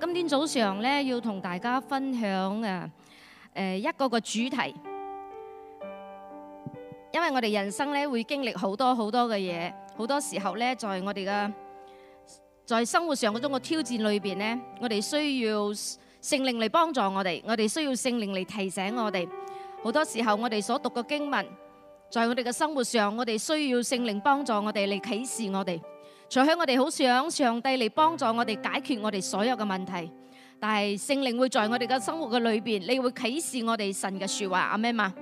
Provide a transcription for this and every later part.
今天早上咧，要同大家分享啊，誒一個個主題，因為我哋人生咧會經歷好多好多嘅嘢，好多時候咧，在我哋嘅在生活上嗰種嘅挑戰裏邊咧，我哋需要聖靈嚟幫助我哋，我哋需要聖靈嚟提醒我哋，好多時候我哋所讀嘅經文，在我哋嘅生活上，我哋需要聖靈幫助我哋嚟啓示我哋。在喺，我哋好想上帝嚟幫助我哋解決我哋所有嘅問題，但係聖靈會在我哋嘅生活嘅裏邊，你會啟示我哋神嘅說話阿們嘛？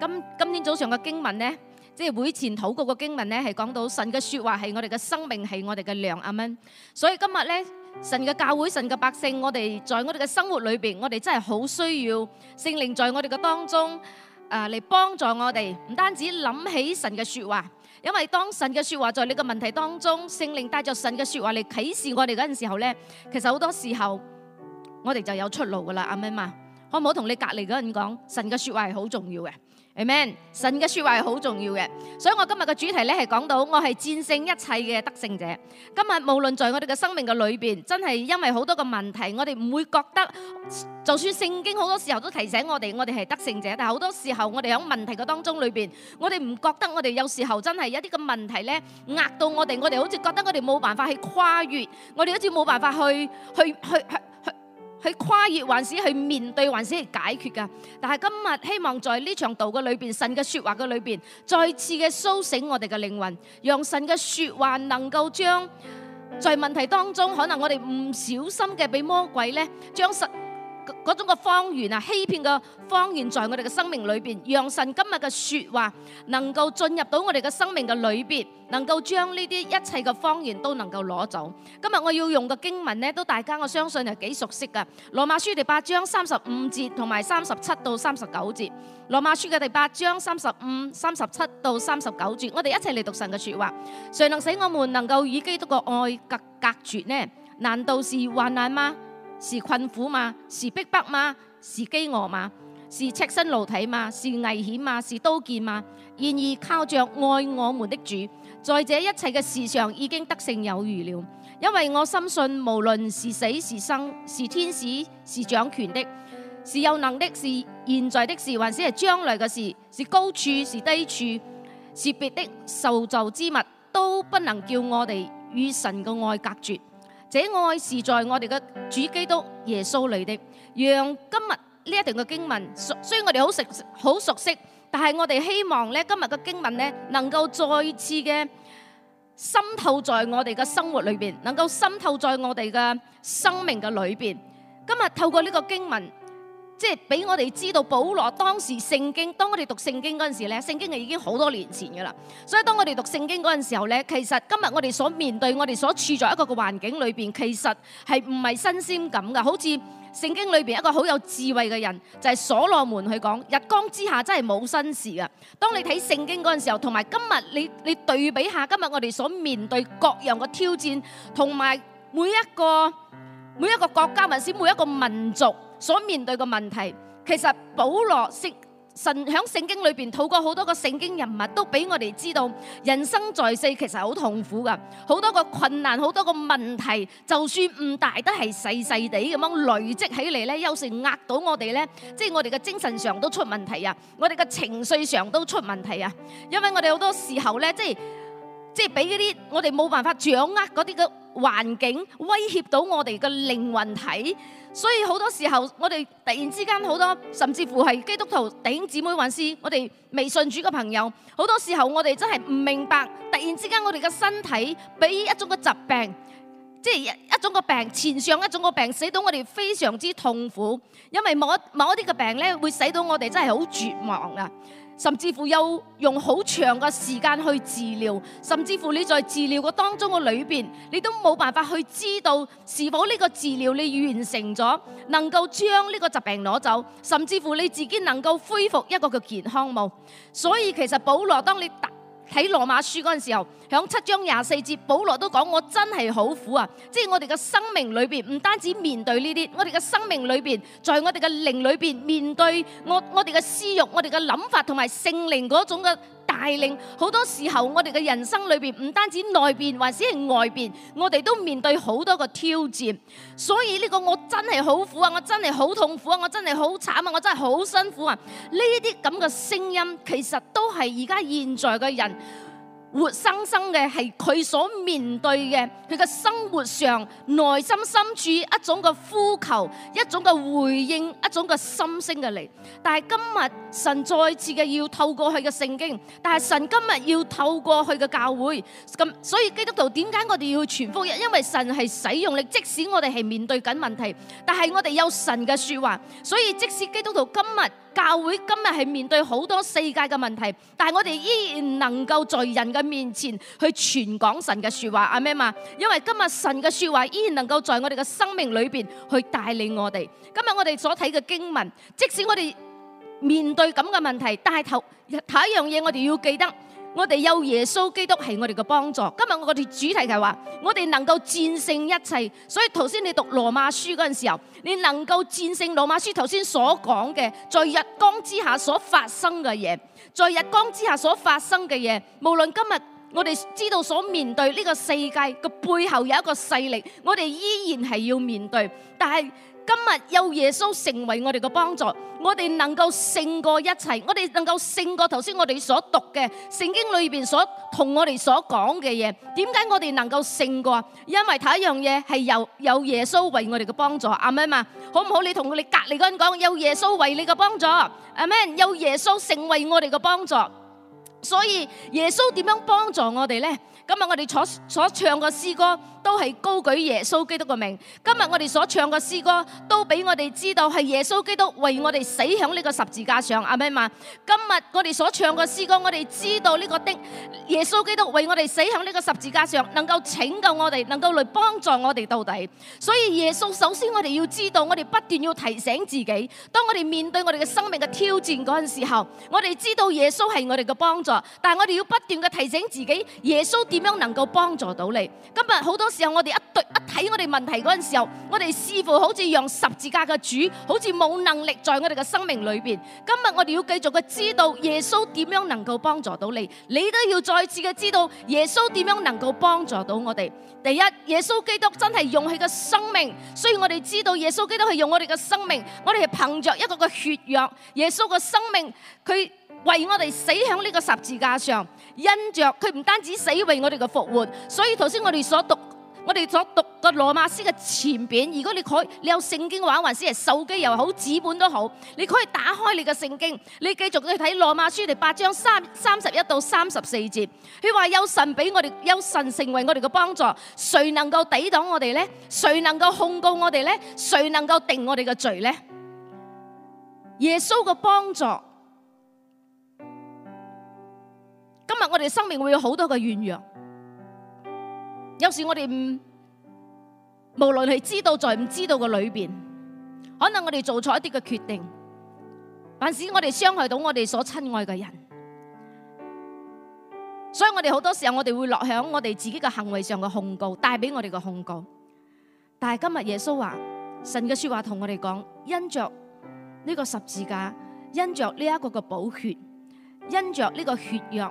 今今天早上嘅經文咧，即係會前禱告嘅經文咧，係講到神嘅說話係我哋嘅生命，係我哋嘅糧阿們？所以今日咧，神嘅教會、神嘅百姓，我哋在我哋嘅生活裏邊，我哋真係好需要聖靈在我哋嘅當中啊嚟幫助我哋，唔單止諗起神嘅說話。因為當神的說話在你的問題當中，聖靈帶着神的說話來啟示我哋嗰陣時候，其實很多時候我哋就有出路了，阿 May 嘛，可唔好同你隔籬的人說神的說話是很重要的。Amen，神嘅說話係好重要嘅，所以我今日嘅主題呢係講到我係戰勝一切嘅得勝者。今日無論在我哋嘅生命嘅裏邊，真係因為好多嘅問題，我哋唔會覺得，就算聖經好多時候都提醒我哋，我哋係得勝者，但係好多時候我哋喺問題嘅當中裏邊，我哋唔覺得我哋有時候真係有一啲嘅問題呢壓到我哋，我哋好似覺得我哋冇辦法去跨越，我哋好似冇辦法去去去去去。去跨越，還是去面對，還是去解決㗎？但係今日希望在呢場道嘅裏面，神嘅說話嘅裏面，再次嘅甦醒我哋嘅靈魂，讓神嘅說話能夠將在問題當中，可能我哋唔小心嘅俾魔鬼呢將神。嗰種嘅謊言啊，欺騙嘅謊言，在我哋嘅生命裏邊，讓神今日嘅說話能夠進入到我哋嘅生命嘅裏邊，能夠將呢啲一切嘅謊言都能夠攞走。今日我要用嘅經文呢，都大家我相信係幾熟悉噶，《羅馬書》第八章三十五節同埋三十七到三十九節，《羅馬書》嘅第八章三十五、三十七到三十九節，我哋一齊嚟讀神嘅說話。誰能使我們能夠與基督嘅愛隔隔絕呢？難道是患難嗎？是困苦嘛，是逼迫嘛，是飢餓嘛，是赤身露體嘛，是危險嘛，是刀劍嘛。然而靠着愛我們的主，在這一切嘅事上已經得勝有餘了。因為我深信，無論是死是生，是天使是掌權的，是有能力，是現在的事，還是係將來嘅事，是高處是低處，是別的受造之物，都不能叫我哋與神嘅愛隔絕。這愛是在我哋嘅主基督耶穌裏的。讓今日呢一段嘅經文，雖然我哋好熟好熟悉，但係我哋希望咧，今日嘅經文咧，能夠再次嘅滲透在我哋嘅生活裏邊，能夠滲透在我哋嘅生命嘅裏邊。今日透過呢個經文。即係俾我哋知道，保羅當時聖經，當我哋讀聖經嗰陣時咧，聖經就已經好多年前噶啦。所以當我哋讀聖經嗰陣時候咧，其實今日我哋所面對我哋所處在一個嘅環境裏邊，其實係唔係新鮮感噶？好似聖經裏邊一個好有智慧嘅人，就係所羅門去講：日光之下真係冇新事啊！當你睇聖經嗰陣時候，同埋今日你你對比下今日我哋所面對各樣嘅挑戰，同埋每一個每一個國家，或者每一個民族。所面對嘅問題，其實保羅聖神喺聖經裏邊，透過好多個聖經人物，都俾我哋知道，人生在世其實好痛苦噶，好多個困難，好多個問題，就算唔大都係細細地咁樣累積起嚟咧，有時壓到我哋咧，即係我哋嘅精神上都出問題啊，我哋嘅情緒上都出問題啊，因為我哋好多時候咧，即係即係俾嗰啲我哋冇辦法掌握嗰啲嘅環境，威脅到我哋嘅靈魂體。所以好多時候，我哋突然之間好多，甚至乎係基督徒弟兄姊妹還是我哋未信主嘅朋友，好多時候我哋真係唔明白，突然之間我哋嘅身體俾一種嘅疾病，即係一種嘅病，前上一種嘅病，死到我哋非常之痛苦，因為某某一啲嘅病咧，會使到我哋真係好絕望啊！甚至乎又用好長嘅時間去治療，甚至乎你在治療嘅當中的裏邊，你都冇辦法去知道是否呢個治療你完成咗，能夠將呢個疾病攞走，甚至乎你自己能夠恢復一個嘅健康冇。所以其實保羅當你打。睇《羅馬書》嗰陣時候，響七章廿四節，保羅都講，我真係好苦啊！即係我哋嘅生命裏面，唔單止面對呢啲，我哋嘅生命裏面，在我哋嘅靈裏面，面對我我哋嘅私慾、我哋嘅諗法同埋聖靈嗰種嘅。帶領好多時候，我哋嘅人生裏邊唔單止內邊，還是係外邊，我哋都面對好多個挑戰。所以呢個我真係好苦啊，我真係好痛苦啊，我真係好慘啊，我真係好辛苦啊。呢啲咁嘅聲音，其實都係而家現在嘅人。活生生嘅，係佢所面對嘅，佢嘅生活上，內心深處一種嘅呼求，一種嘅回應，一種嘅心聲嘅嚟。但係今日神再次嘅要透過佢嘅聖經，但係神今日要透過佢嘅教會，咁所以基督徒點解我哋要傳福音？因為神係使用你，即使我哋係面對緊問題，但係我哋有神嘅說話，所以即使基督徒今日。教會今日係面對好多世界嘅問題，但係我哋依然能夠在人嘅面前去傳講神嘅說話，阿咩嘛？因為今日神嘅說話依然能夠在我哋嘅生命裏面去帶領我哋。今日我哋所睇嘅經文，即使我哋面對咁嘅問題，但係頭第一樣嘢，我哋要記得。我哋有耶穌基督係我哋嘅幫助。今日我哋主題就係話，我哋能夠戰勝一切。所以頭先你讀羅馬書嗰陣時候，你能夠戰勝羅馬書頭先所講嘅，在日光之下所發生嘅嘢。在日光之下所發生嘅嘢，無論今日我哋知道所面對呢個世界個背後有一個勢力，我哋依然係要面對，但係。今日有耶穌成為我哋嘅幫助，我哋能夠勝過一切，我哋能夠勝過頭先我哋所讀嘅聖經裏邊所同我哋所講嘅嘢。點解我哋能夠勝過？因為第一樣嘢係有有耶穌為我哋嘅幫助。阿們嘛，好唔好？你同你隔籬嗰人講有耶穌為你嘅幫助。阿們，有耶穌成為我哋嘅幫助。所以耶穌點樣幫助我哋咧？今日我哋所所唱嘅詩歌都係高舉耶穌基督嘅名。今日我哋所唱嘅詩歌都俾我哋知道係耶穌基督為我哋死響呢個十字架上。阿咪嘛，今日我哋所唱嘅詩歌，我哋知道呢個的耶穌基督為我哋死響呢個十字架上，能夠拯救我哋，能夠嚟幫助我哋到底。所以耶穌首先我哋要知道，我哋不斷要提醒自己，當我哋面對我哋嘅生命嘅挑戰嗰陣時候，我哋知道耶穌係我哋嘅幫助，但係我哋要不斷嘅提醒自己耶穌。點樣能夠幫助到你？今日好多時候我哋一對一睇我哋問題嗰陣時候，我哋似乎好似用十字架嘅主好似冇能力在我哋嘅生命裏邊。今日我哋要繼續嘅知道耶穌點樣能夠幫助到你，你都要再次嘅知道耶穌點樣能夠幫助到我哋。第一，耶穌基督真係用佢嘅生命，所以我哋知道耶穌基督係用我哋嘅生命，我哋係憑着一個嘅血約，耶穌嘅生命佢。為我哋死喺呢個十字架上，因着佢唔單止死為我哋嘅復活，所以頭先我哋所讀，我哋所讀嘅羅馬書嘅前邊，如果你可，你有聖經嘅話，還是係手機又好，紙本都好，你可以打開你嘅聖經，你繼續去睇羅馬書第八章三三十一到三十四節，佢話有神俾我哋，有神成為我哋嘅幫助，誰能夠抵擋我哋呢？誰能夠控告我哋呢？誰能夠定我哋嘅罪呢？耶穌嘅幫助。今日我哋生命會有好多嘅軟弱，有時我哋唔無論係知道在唔知道嘅裏邊，可能我哋做錯一啲嘅決定，還是我哋傷害到我哋所親愛嘅人，所以我哋好多時候我哋會落響我哋自己嘅行為上嘅控告，帶俾我哋嘅控告。但係今日耶穌話，神嘅說話同我哋講，因着呢個十字架，因着呢一個嘅寶血，因着呢個血約。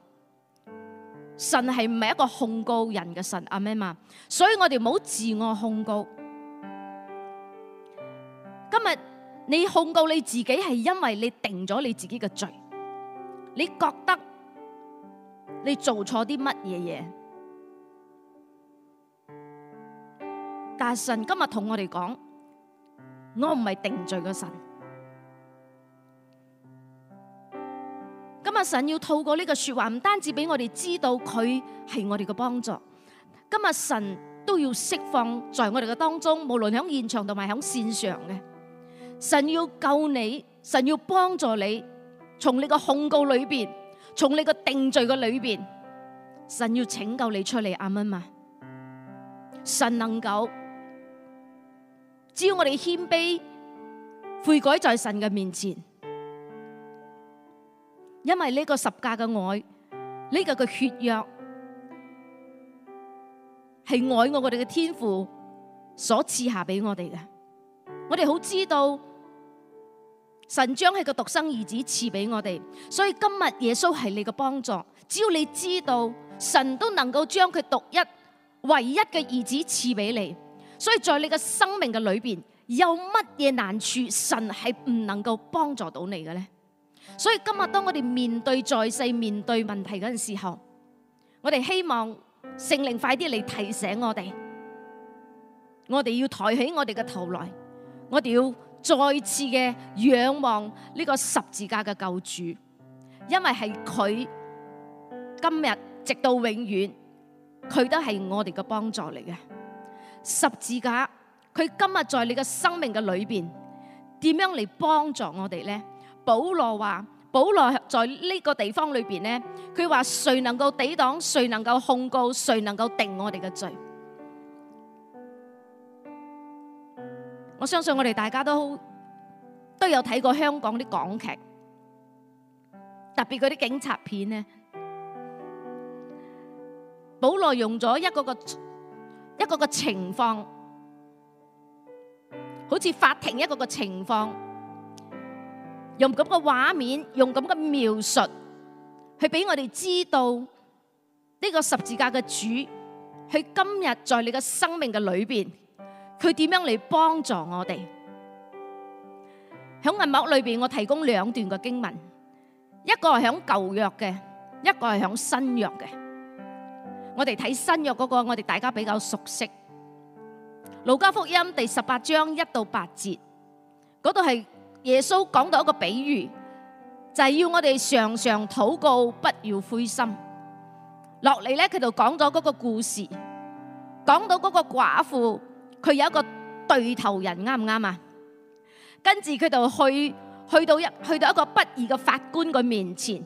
神係唔係一個控告人嘅神阿們嘛，所以我哋唔好自我控告。今日你控告你自己係因為你定咗你自己嘅罪，你覺得你做錯啲乜嘢嘢？但係神今日同我哋講，我唔係定罪嘅神。今日神要透過呢個說話，唔單止俾我哋知道佢係我哋嘅幫助。今日神都要釋放在我哋嘅當中，無論喺現場同埋喺線上嘅，神要救你，神要幫助你，從你嘅控告裏邊，從你嘅定罪嘅裏邊，神要拯救你出嚟。阿門嘛，神能夠，只要我哋謙卑悔改在神嘅面前。因為呢個十架嘅愛，呢、這個嘅血約係愛我，我哋嘅天父所賜下俾我哋嘅。我哋好知道神將係個獨生兒子賜俾我哋，所以今日耶穌係你嘅幫助。只要你知道神都能夠將佢獨一、唯一嘅兒子賜俾你，所以在你嘅生命嘅裏邊有乜嘢難處，神係唔能夠幫助到你嘅咧？所以今日當我哋面對在世面對問題嗰陣時候，我哋希望聖靈快啲嚟提醒我哋，我哋要抬起我哋嘅頭來，我哋要再次嘅仰望呢個十字架嘅救主，因為係佢今日直到永遠，佢都係我哋嘅幫助嚟嘅。十字架佢今日在你嘅生命嘅裏邊，點樣嚟幫助我哋咧？保羅話：保羅在呢個地方裏邊咧，佢話誰能夠抵擋，誰能夠控告，誰能夠定我哋嘅罪。我相信我哋大家都都有睇過香港啲港劇，特別嗰啲警察片咧。保羅用咗一個個一個個情況，好似法庭一個個情況。用咁嘅畫面，用咁嘅描述，去俾我哋知道呢個十字架嘅主，佢今日在你嘅生命嘅裏邊，佢點樣嚟幫助我哋。喺銀幕裏邊，我提供兩段嘅經文，一個係喺舊約嘅，一個係喺新約嘅。我哋睇新約嗰個，我哋大家比較熟悉《路加福音》第十八章一到八節，嗰度係。耶穌講到一個比喻，就係要我哋常常禱告，不要灰心。落嚟咧，佢就講咗嗰個故事，講到嗰個寡婦，佢有一個對頭人，啱唔啱啊？跟住佢就去去到一去到一個不義嘅法官嘅面前，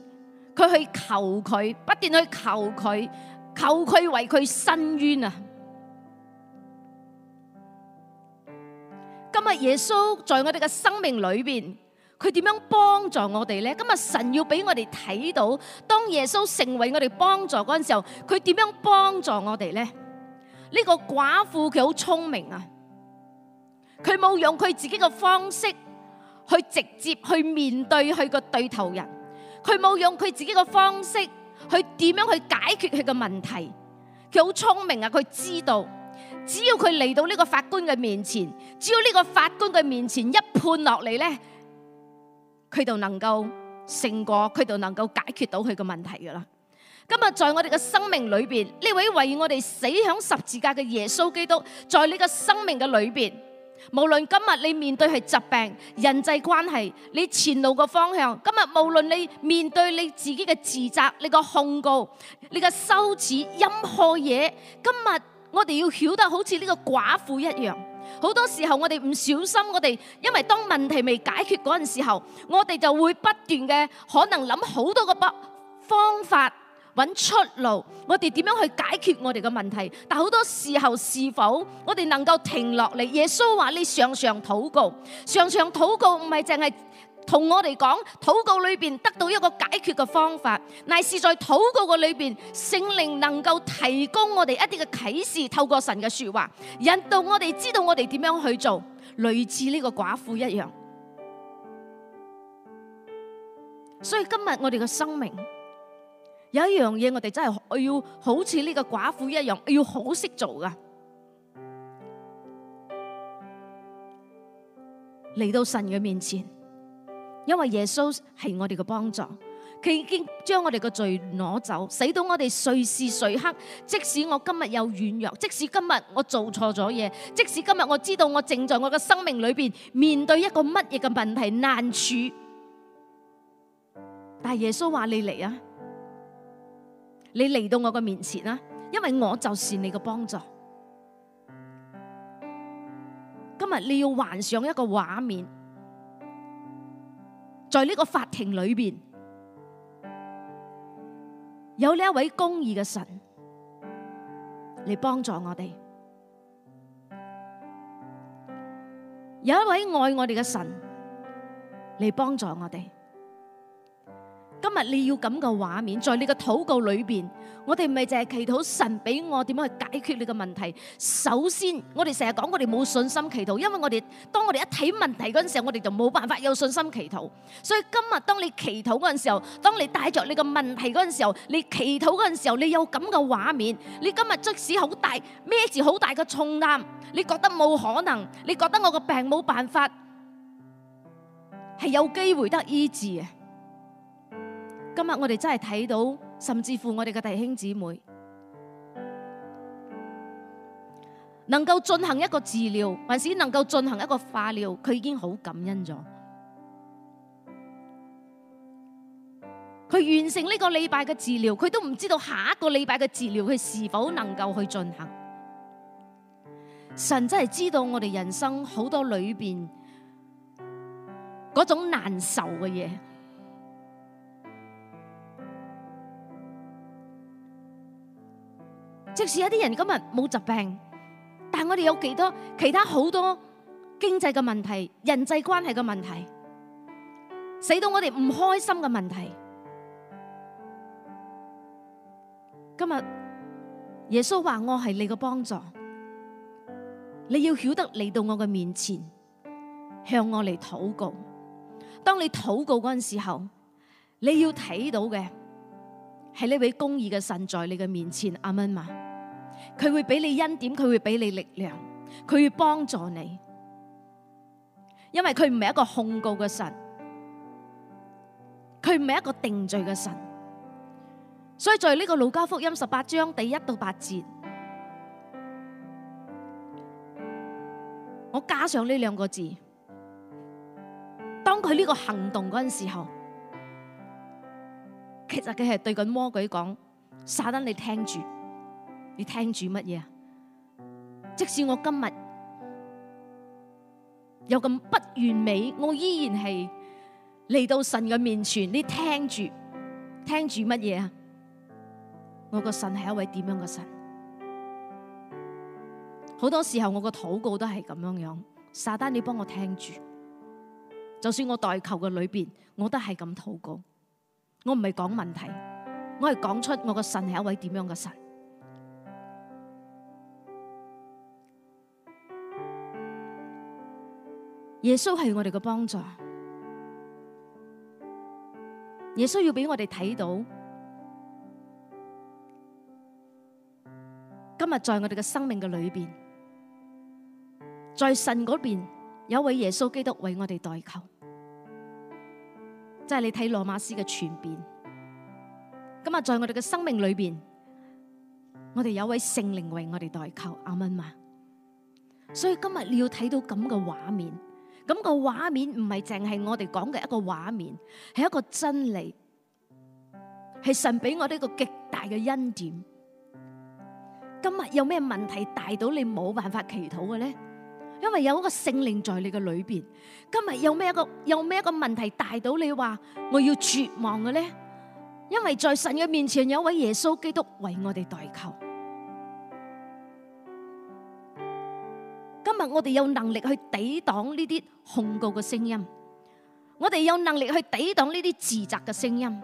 佢去求佢，不斷去求佢，求佢為佢申冤啊！今日耶穌在我哋嘅生命裏邊，佢點樣幫助我哋呢？今日神要俾我哋睇到，當耶穌成為我哋幫助嗰陣時候，佢點樣幫助我哋呢？呢個寡婦佢好聰明啊，佢冇用佢自己嘅方式去直接去面對佢個對頭人，佢冇用佢自己嘅方式去點樣去解決佢嘅問題，佢好聰明啊，佢知道。只要佢嚟到呢個法官嘅面前，只要呢個法官嘅面前一判落嚟咧，佢就能夠勝過，佢就能夠解決到佢個問題噶啦。今日在我哋嘅生命裏邊，呢位為我哋死響十字架嘅耶穌基督，在呢個生命嘅裏邊，無論今日你面對係疾病、人際關係、你前路嘅方向，今日無論你面對你自己嘅自責、你個控告、你個羞恥、任何嘢，今日。我哋要曉得好似呢個寡婦一樣，好多時候我哋唔小心，我哋因為當問題未解決嗰陣時候，我哋就會不斷嘅，可能諗好多個不方法搵出路，我哋點樣去解決我哋嘅問題？但好多時候是否我哋能夠停落嚟？耶穌話你常常禱告，常常禱告唔係淨係。同我哋講禱告裏邊得到一個解決嘅方法，乃是在禱告嘅裏邊，聖靈能夠提供我哋一啲嘅啟示，透過神嘅說話，引導我哋知道我哋點樣去做，類似呢個寡婦一樣。所以今日我哋嘅生命有一樣嘢，我哋真係要好似呢個寡婦一樣，要好識做㗎，嚟到神嘅面前。因為耶穌係我哋嘅幫助，佢已經將我哋嘅罪攞走，使到我哋隨時隨刻，即使我今日有軟弱，即使今日我做錯咗嘢，即使今日我知道我正在我嘅生命裡面面對一個乜嘢嘅問題難處，但耶穌話你嚟啊，你嚟到我嘅面前啊，因為我就是你嘅幫助。今日你要幻想一個畫面。在呢個法庭裏面，有呢位公義嘅神嚟幫助我哋，有一位愛我哋嘅神嚟幫助我哋。今日你要咁嘅畫面，在你嘅禱告裏邊，我哋唔係淨係祈禱神俾我點樣去解決你嘅問題。首先，我哋成日講我哋冇信心祈禱，因為我哋當我哋一睇問題嗰陣時候，我哋就冇辦法有信心祈禱。所以今日當你祈禱嗰陣時候，當你帶着你嘅問題嗰陣時候，你祈禱嗰陣時候，你有咁嘅畫面，你今日即使好大孭住好大嘅重擔，你覺得冇可能？你覺得我個病冇辦法係有機會得醫治啊？今日我哋真係睇到，甚至乎我哋嘅弟兄姊妹能夠進行一個治療，還是能夠進行一個化療，佢已經好感恩咗。佢完成呢個禮拜嘅治療，佢都唔知道下一個禮拜嘅治療，佢是否能夠去進行。神真係知道我哋人生好多裏邊嗰種難受嘅嘢。即使有啲人今日冇疾病，但係我哋有幾多其他好多經濟嘅問題、人際關係嘅問題，使到我哋唔開心嘅問題。今日耶穌話：我係你嘅幫助，你要曉得嚟到我嘅面前，向我嚟禱告。當你禱告嗰陣時候，你要睇到嘅係呢位公義嘅神在你嘅面前。阿門嘛。佢會俾你恩典，佢會俾你力量，佢會幫助你，因為佢唔係一個控告嘅神，佢唔係一個定罪嘅神，所以在呢個《路加福音》十八章第一到八節，我加上呢兩個字，當佢呢個行動嗰陣時候，其實佢係對緊魔鬼講，撒但，你聽住。你聽住乜嘢啊？即使我今日有咁不完美，我依然係嚟到神嘅面前。你聽住，聽住乜嘢啊？我個神係一位點樣嘅神？好多時候我個禱告都係咁樣樣。撒但，你幫我聽住。就算我代求嘅裏邊，我都係咁禱告。我唔係講問題，我係講出我個神係一位點樣嘅神。耶穌係我哋嘅幫助，耶穌要俾我哋睇到，今日在我哋嘅生命嘅裏邊，在神嗰邊有一位耶穌基督為我哋代求，即係你睇羅馬書嘅全篇，今日在我哋嘅生命裏邊，我哋有一位聖靈為我哋代求，阿門嘛。所以今日你要睇到咁嘅畫面。咁個畫面唔係淨係我哋講嘅一個畫面，係一個真理，係神俾我哋一個極大嘅恩典。今日有咩問題大到你冇辦法祈禱嘅咧？因為有一個聖靈在你嘅裏邊。今日有咩一個有咩一個問題大到你話我要絕望嘅咧？因為在神嘅面前有一位耶穌基督為我哋代求。今日我哋有能力去抵擋呢啲控告嘅聲音，我哋有能力去抵擋呢啲自責嘅聲音，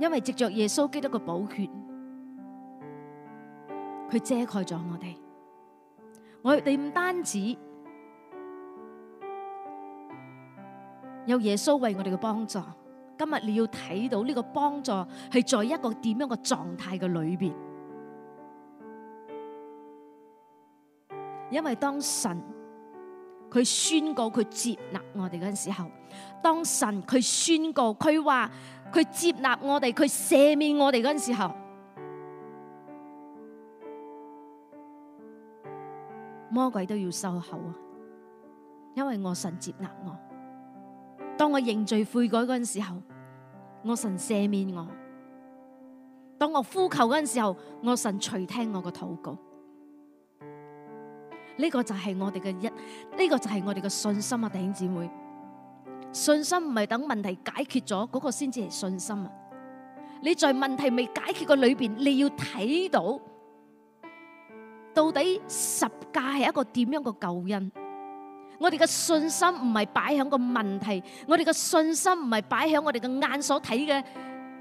因為藉着耶穌基督嘅寶血，佢遮蓋咗我哋。我哋唔單止有耶穌為我哋嘅幫助，今日你要睇到呢個幫助係在一個點樣嘅狀態嘅裏邊。因為當神佢宣告佢接納我哋嗰陣時候，當神佢宣告佢話佢接納我哋，佢赦免我哋嗰陣時候，魔鬼都要收口啊！因為我神接納我，當我認罪悔改嗰陣時候，我神赦免我；當我呼求嗰陣時候，我神垂聽我嘅禱告。呢個就係我哋嘅一，呢個就係我哋嘅信心啊，弟兄姊妹！信心唔係等問題解決咗嗰個先至係信心啊！你在問題未解決嘅裏邊，你要睇到到底十架係一個點樣嘅救恩？我哋嘅信心唔係擺喺個問題，我哋嘅信心唔係擺喺我哋嘅眼所睇嘅。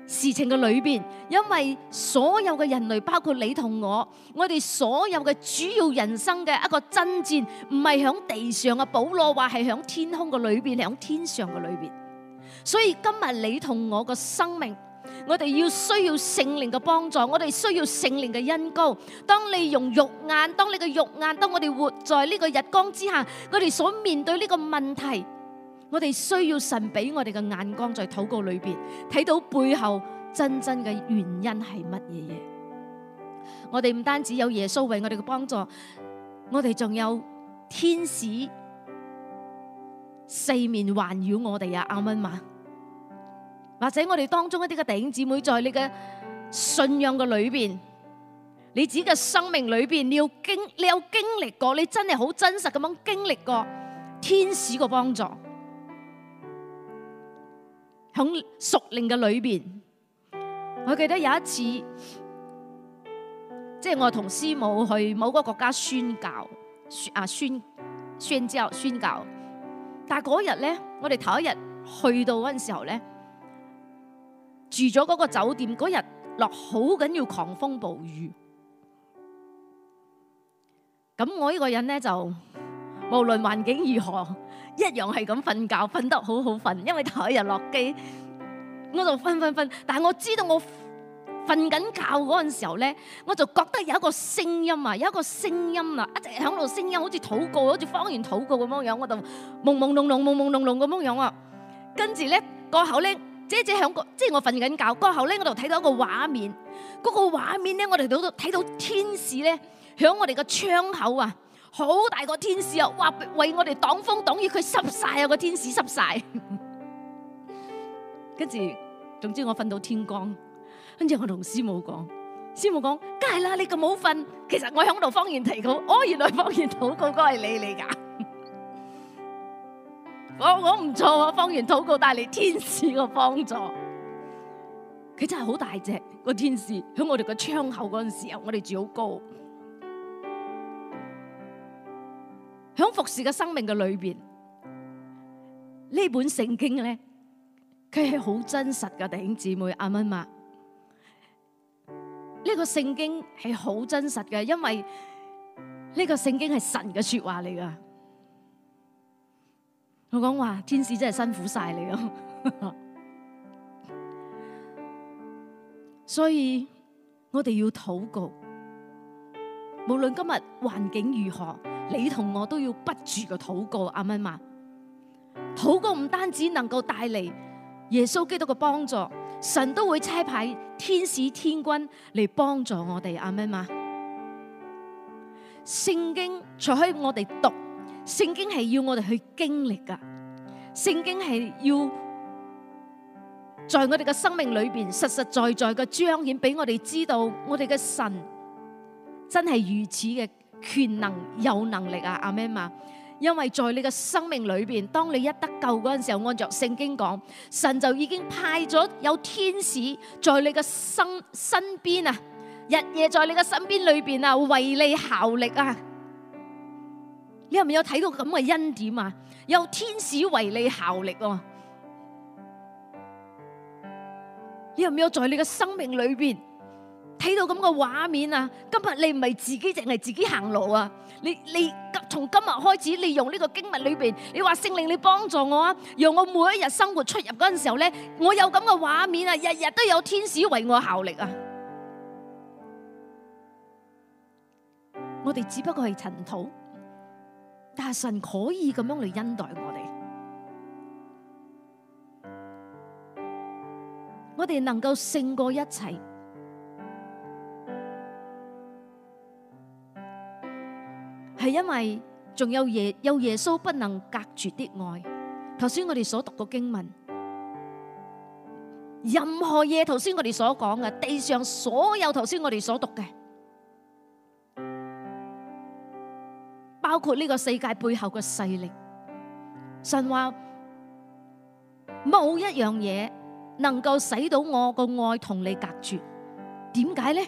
事情嘅裏邊，因為所有嘅人類包括你同我，我哋所有嘅主要人生嘅一個爭戰，唔係響地上嘅，保羅話係響天空嘅裏邊，響天上嘅裏邊。所以今日你同我個生命，我哋要需要聖靈嘅幫助，我哋需要聖靈嘅恩膏。當你用肉眼，當你嘅肉眼，當我哋活在呢個日光之下，我哋所面對呢個問題。我哋需要神俾我哋嘅眼光，在禱告裏邊睇到背後真真嘅原因係乜嘢嘢？我哋唔單止有耶穌為我哋嘅幫助，我哋仲有天使四面環繞我哋啊！阿門嘛，或者我哋當中的一啲嘅弟兄姊妹，在你嘅信仰嘅裏邊，你自己嘅生命裏邊，你要經你有經歷過，你真係好真實咁樣經歷過天使嘅幫助。響熟齡嘅裏邊，我記得有一次，即係我同師母去某個國家宣教，宣啊宣宣之後宣教，但係嗰日咧，我哋頭一日去到嗰陣時候咧，住咗嗰個酒店，嗰日落好緊要狂風暴雨，咁我呢個人咧就無論環境如何。一樣係咁瞓覺，瞓得好好瞓，因為第一日落機，我就瞓瞓瞓。但係我知道我瞓緊覺嗰陣時候咧，我就覺得有一個聲音啊，有一個聲音啊，一直響度聲音，好似禱告，好似方言禱告咁樣樣。我就朦朦朧朧、朦朦朧朧咁樣樣啊。跟住咧過後咧，姐姐響個即係我瞓緊覺過後咧，我就睇到一個畫面。嗰個畫面咧，我哋到到睇到天使咧，響我哋嘅窗口啊。好大個天使啊！哇，為我哋擋風擋雨，佢濕晒啊，個天使濕晒。跟住， 總之我瞓到天光。跟住我同師母講，師母講：梗係啦，你咁好瞓。其實我喺度方言禱告，哦，原來方言禱告都係你嚟噶。 我我唔錯喎，方言禱告帶嚟天使嘅幫助。佢真係好大隻個天使，喺我哋個窗口嗰陣時啊，我哋住好高。喺服侍嘅生命嘅裏邊，呢本聖經咧，佢係好真實嘅，弟兄姊妹阿媽媽，呢個聖經係好真實嘅，因為呢個聖經係神嘅說話嚟噶。我講話天使真係辛苦晒你啊！所以我哋要禱告，無論今日環境如何。你同我都要不住嘅禱告，阿們嘛，禱告唔單止能夠帶嚟耶穌基督嘅幫助，神都會差派天使天君嚟幫助我哋，阿們嘛。聖經除開我哋讀，聖經係要我哋去經歷噶，聖經係要在我哋嘅生命裏邊實實在在嘅彰顯，俾我哋知道我哋嘅神真係如此嘅。權能有能力啊，阿門啊，因為在你嘅生命裏邊，當你一得救嗰陣時候，按着聖經講，神就已經派咗有天使在你嘅身身邊啊，日夜在你嘅身邊裏邊啊，為你效力啊！你係咪有睇到咁嘅恩典啊？有天使為你效力啊，你係咪有在你嘅生命裏邊？睇到咁嘅畫面啊！今日你唔係自己淨係自己行路啊！你你從今日開始，你用呢個經文裏邊，你話聖靈你幫助我啊！讓我每一日生活出入嗰陣時候咧，我有咁嘅畫面啊！日日都有天使爲我效力啊！我哋只不過係塵土，但係神可以咁樣嚟恩待我哋，我哋能夠勝過一切。係因為仲有耶有耶穌不能隔絕的愛，頭先我哋所讀嘅經文，任何嘢，頭先我哋所講嘅，地上所有頭先我哋所讀嘅，包括呢個世界背後嘅勢力，神話冇一樣嘢能夠使到我個愛同你隔絕，點解咧？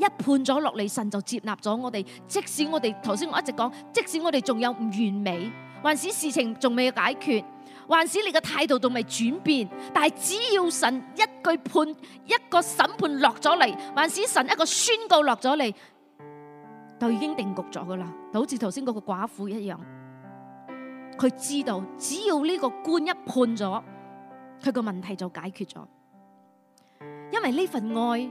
一判咗落嚟，神就接納咗我哋。即使我哋頭先我一直講，即使我哋仲有唔完美，還是事情仲未解決，還是你嘅態度仲未轉變，但係只要神一句判，一個審判落咗嚟，還是神一個宣告落咗嚟，就已經定局咗噶啦。就好似頭先嗰個寡婦一樣，佢知道只要呢個官一判咗，佢個問題就解決咗，因為呢份愛，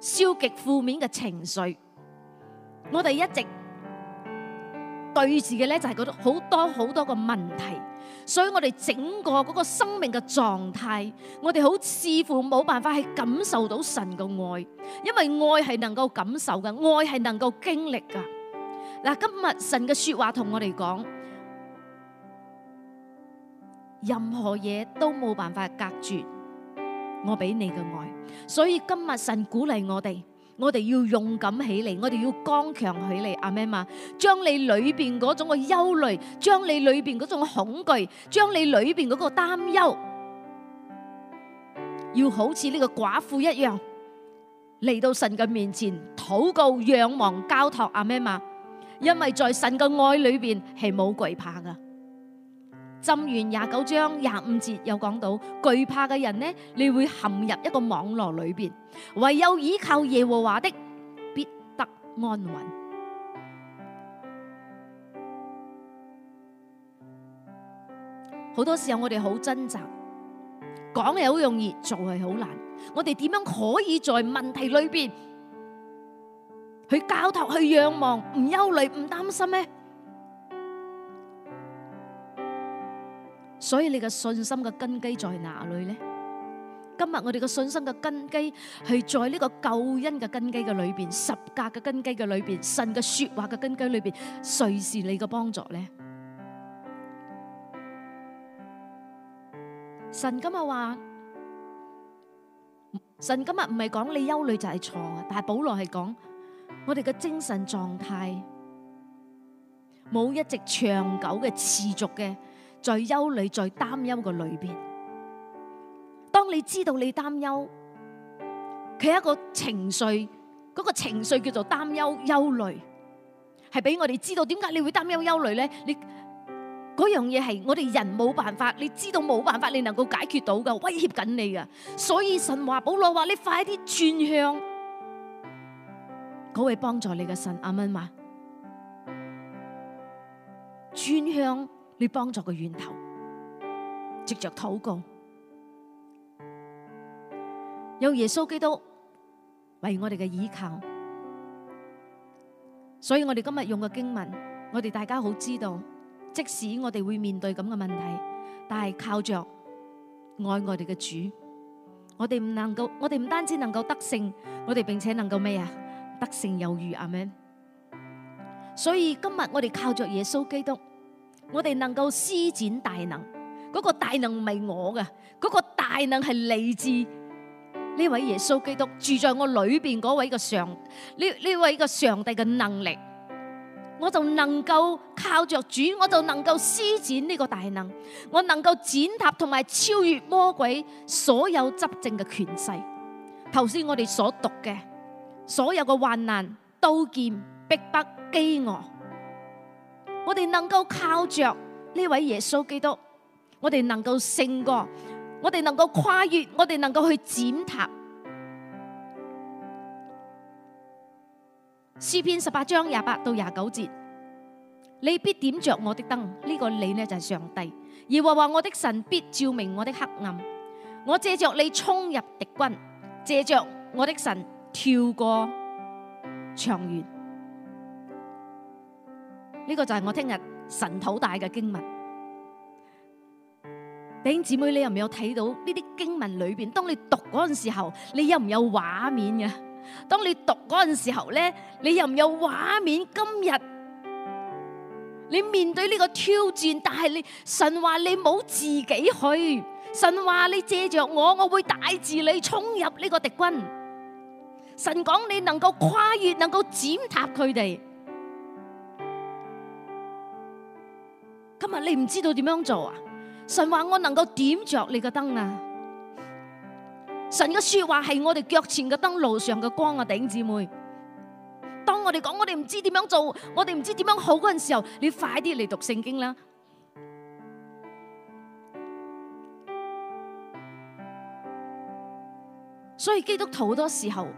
消極負面嘅情緒，我哋一直對住嘅咧就係嗰種好多好多嘅問題，所以我哋整個嗰個生命嘅狀態，我哋好似乎冇辦法去感受到神嘅愛，因為愛係能夠感受嘅，愛係能夠經歷噶。嗱，今日神嘅說話同我哋講，任何嘢都冇辦法隔絕，我俾你嘅愛。所以今日神鼓勵我哋，我哋要勇敢起嚟，我哋要剛強起嚟，阿門嘛，將你裏邊嗰種嘅憂慮，將你裏邊嗰種恐懼，將你裏邊嗰個擔憂，要好似呢個寡婦一樣嚟到神嘅面前禱告仰望交託，阿門嘛，因為在神嘅愛裏邊係冇懼怕㗎。箴言廿九章廿五節又講到懼怕嘅人呢，你會陷入一個網絡裏邊，唯有倚靠耶和華的，必得安穩。好多時候我哋好掙扎，講係好容易，做係好難。我哋點樣可以在問題裏邊去交託去仰望，唔憂慮唔擔心呢？所以你嘅信心嘅根基在哪裏咧？今日我哋嘅信心嘅根基係在呢個救恩嘅根基嘅裏邊，十誡嘅根基嘅裏邊，神嘅說話嘅根基裏邊，誰是你嘅幫助咧？神今日話，神今日唔係講你憂慮就係錯啊，但係保羅係講我哋嘅精神狀態冇一直長久嘅持續嘅。最憂慮、最擔憂嘅裏邊，當你知道你擔憂，佢一個情緒，嗰個情緒叫做擔憂、憂慮，係俾我哋知道點解你會擔憂、憂慮咧？你嗰樣嘢係我哋人冇辦法，你知道冇辦法，你能夠解決到噶，威脅緊你噶，所以神話保羅話：你快啲轉向，嗰位幫助你嘅神阿們話，轉向。你幫助嘅源頭，藉着禱告，有耶穌基督為我哋嘅倚靠，所以我哋今日用嘅經文，我哋大家好知道，即使我哋會面對咁嘅問題，但係靠着愛我哋嘅主，我哋唔能夠，我哋唔單止能夠得勝，我哋並且能夠咩啊？得勝有餘阿們！所以今日我哋靠着耶穌基督。我哋能夠施展大能，嗰、那個大能唔係我嘅，嗰、那個大能係嚟自呢位耶穌基督住在我裏邊嗰位嘅上呢呢位嘅上帝嘅能力，我就能夠靠着主，我就能夠施展呢個大能，我能夠踐踏同埋超越魔鬼所有執政嘅權勢。頭先我哋所讀嘅所有嘅患難、刀劍、逼迫、飢餓。我哋能夠靠着呢位耶穌基督，我哋能夠勝過，我哋能夠跨越，我哋能夠去踐踏。詩篇十八章廿八到廿九節，你必點着我的燈，呢、這個你呢就係上帝。耶和華我的神必照明我的黑暗，我借着你衝入敵軍，借着我的神跳過牆垣。呢個就係我聽日神討大嘅經文，頂姊妹，你有唔有睇到呢啲經文裏邊？當你讀嗰陣時候，你有唔有畫面呀？當你讀嗰陣時候咧，你有唔有畫面？今日你面對呢個挑戰，但係你神話你冇自己去，神話你借着我，我會帶住你衝入呢個敵軍。神講你能夠跨越，能夠踐踏佢哋。今日你唔知道點樣做啊？神話我能夠點着你個燈啊！神嘅說話係我哋腳前嘅燈，路上嘅光啊！弟兄姊妹，當我哋講我哋唔知點樣做，我哋唔知點樣好嗰陣時候，你快啲嚟讀聖經啦！所以基督徒好多時候，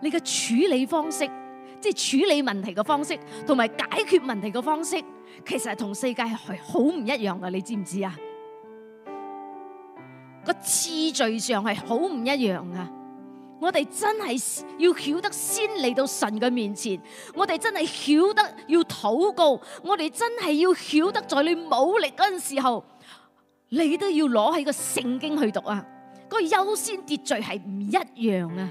你嘅處理方式。即係處理問題嘅方式，同埋解決問題嘅方式，其實同世界係好唔一樣噶，你知唔知啊？個次序上係好唔一樣啊！我哋真係要曉得先嚟到神嘅面前，我哋真係曉得要禱告，我哋真係要曉得在你冇力嗰陣時候，你都要攞起個聖經去讀啊！個優先秩序係唔一樣啊！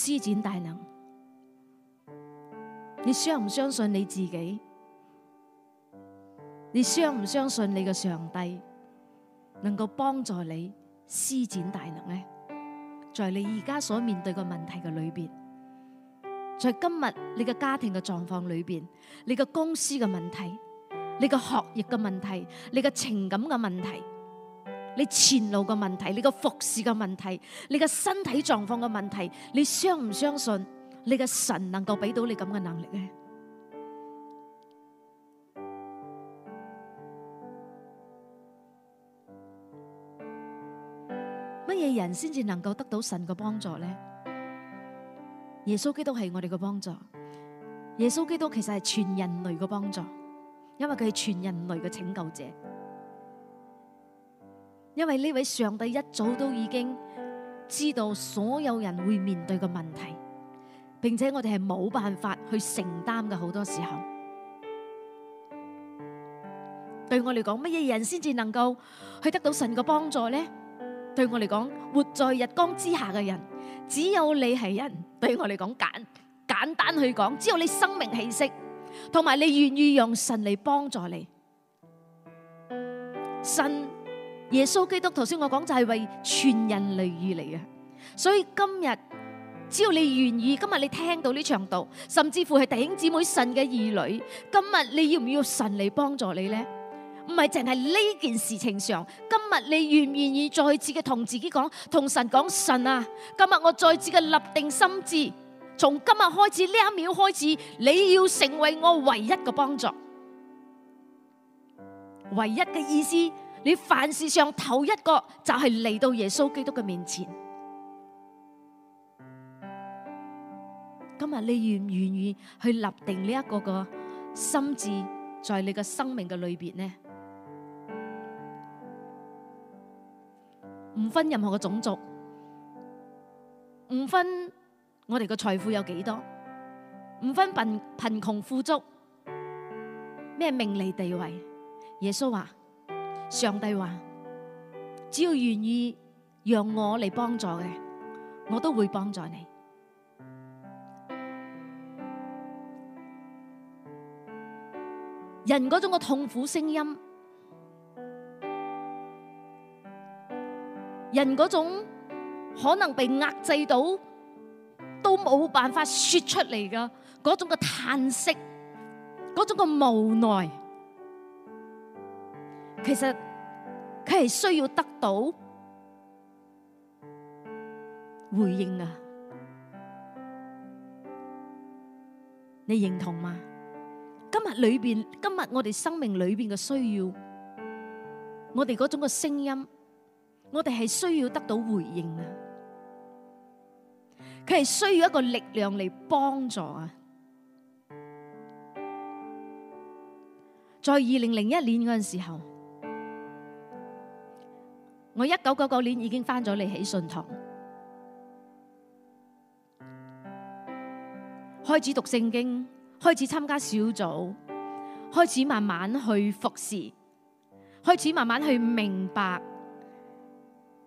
施展大能，你相唔相信你自己？你相唔相信你嘅上帝能夠幫助你施展大能呢？就是、你在你而家所面對嘅問題嘅裏邊，在、就是、今日你嘅家庭嘅狀況裏邊，你嘅公司嘅問題，你嘅學業嘅問題，你嘅情感嘅問題。你前路嘅問題，你個服侍嘅問題，你個身體狀況嘅問題，你相唔相信你嘅神能夠俾到你咁嘅能力呢？乜嘢人先至能夠得到神嘅幫助呢？耶穌基督係我哋嘅幫助，耶穌基督其實係全人類嘅幫助，因為佢係全人類嘅拯救者。因為呢位上帝一早都已經知道所有人會面對嘅問題，並且我哋係冇辦法去承擔嘅。好多時候，對我嚟講，乜嘢人先至能夠去得到神嘅幫助呢？對我嚟講，活在日光之下嘅人，只有你係人。對我嚟講，簡簡單去講，只有你生命氣息，同埋你願意用神嚟幫助你，神。耶穌基督，頭先我講就係為全人類而嚟嘅，所以今日只要你願意，今日你聽到呢場道，甚至乎係弟兄姊妹神嘅兒女，今日你要唔要神嚟幫助你呢？唔係淨係呢件事情上，今日你願唔願意再次嘅同自己講，同神講，神啊，今日我再次嘅立定心志，從今日開始，呢一秒開始，你要成為我唯一嘅幫助，唯一嘅意思。你凡事上頭一個就係嚟到耶穌基督嘅面前。今日你願唔願意去立定呢一個個心志，在你嘅生命嘅裏邊呢？唔分任何嘅種族，唔分我哋嘅財富有幾多，唔分貧貧窮富足，咩名利地位，耶穌話。上帝話：只要願意讓我嚟幫助嘅，我都會幫助你。人嗰種嘅痛苦聲音，人嗰種可能被壓制到都冇辦法說出嚟嘅嗰種嘅嘆息，嗰種嘅無奈。其實佢係需要得到回應啊！你認同嗎？今日裏邊，今日我哋生命裏邊嘅需要，我哋嗰種嘅聲音，我哋係需要得到回應啊！佢係需要一個力量嚟幫助啊！在二零零一年嗰陣時候。我一九九九年已經翻咗嚟喜信堂，開始讀聖經，開始參加小組，開始慢慢去服侍，開始慢慢去明白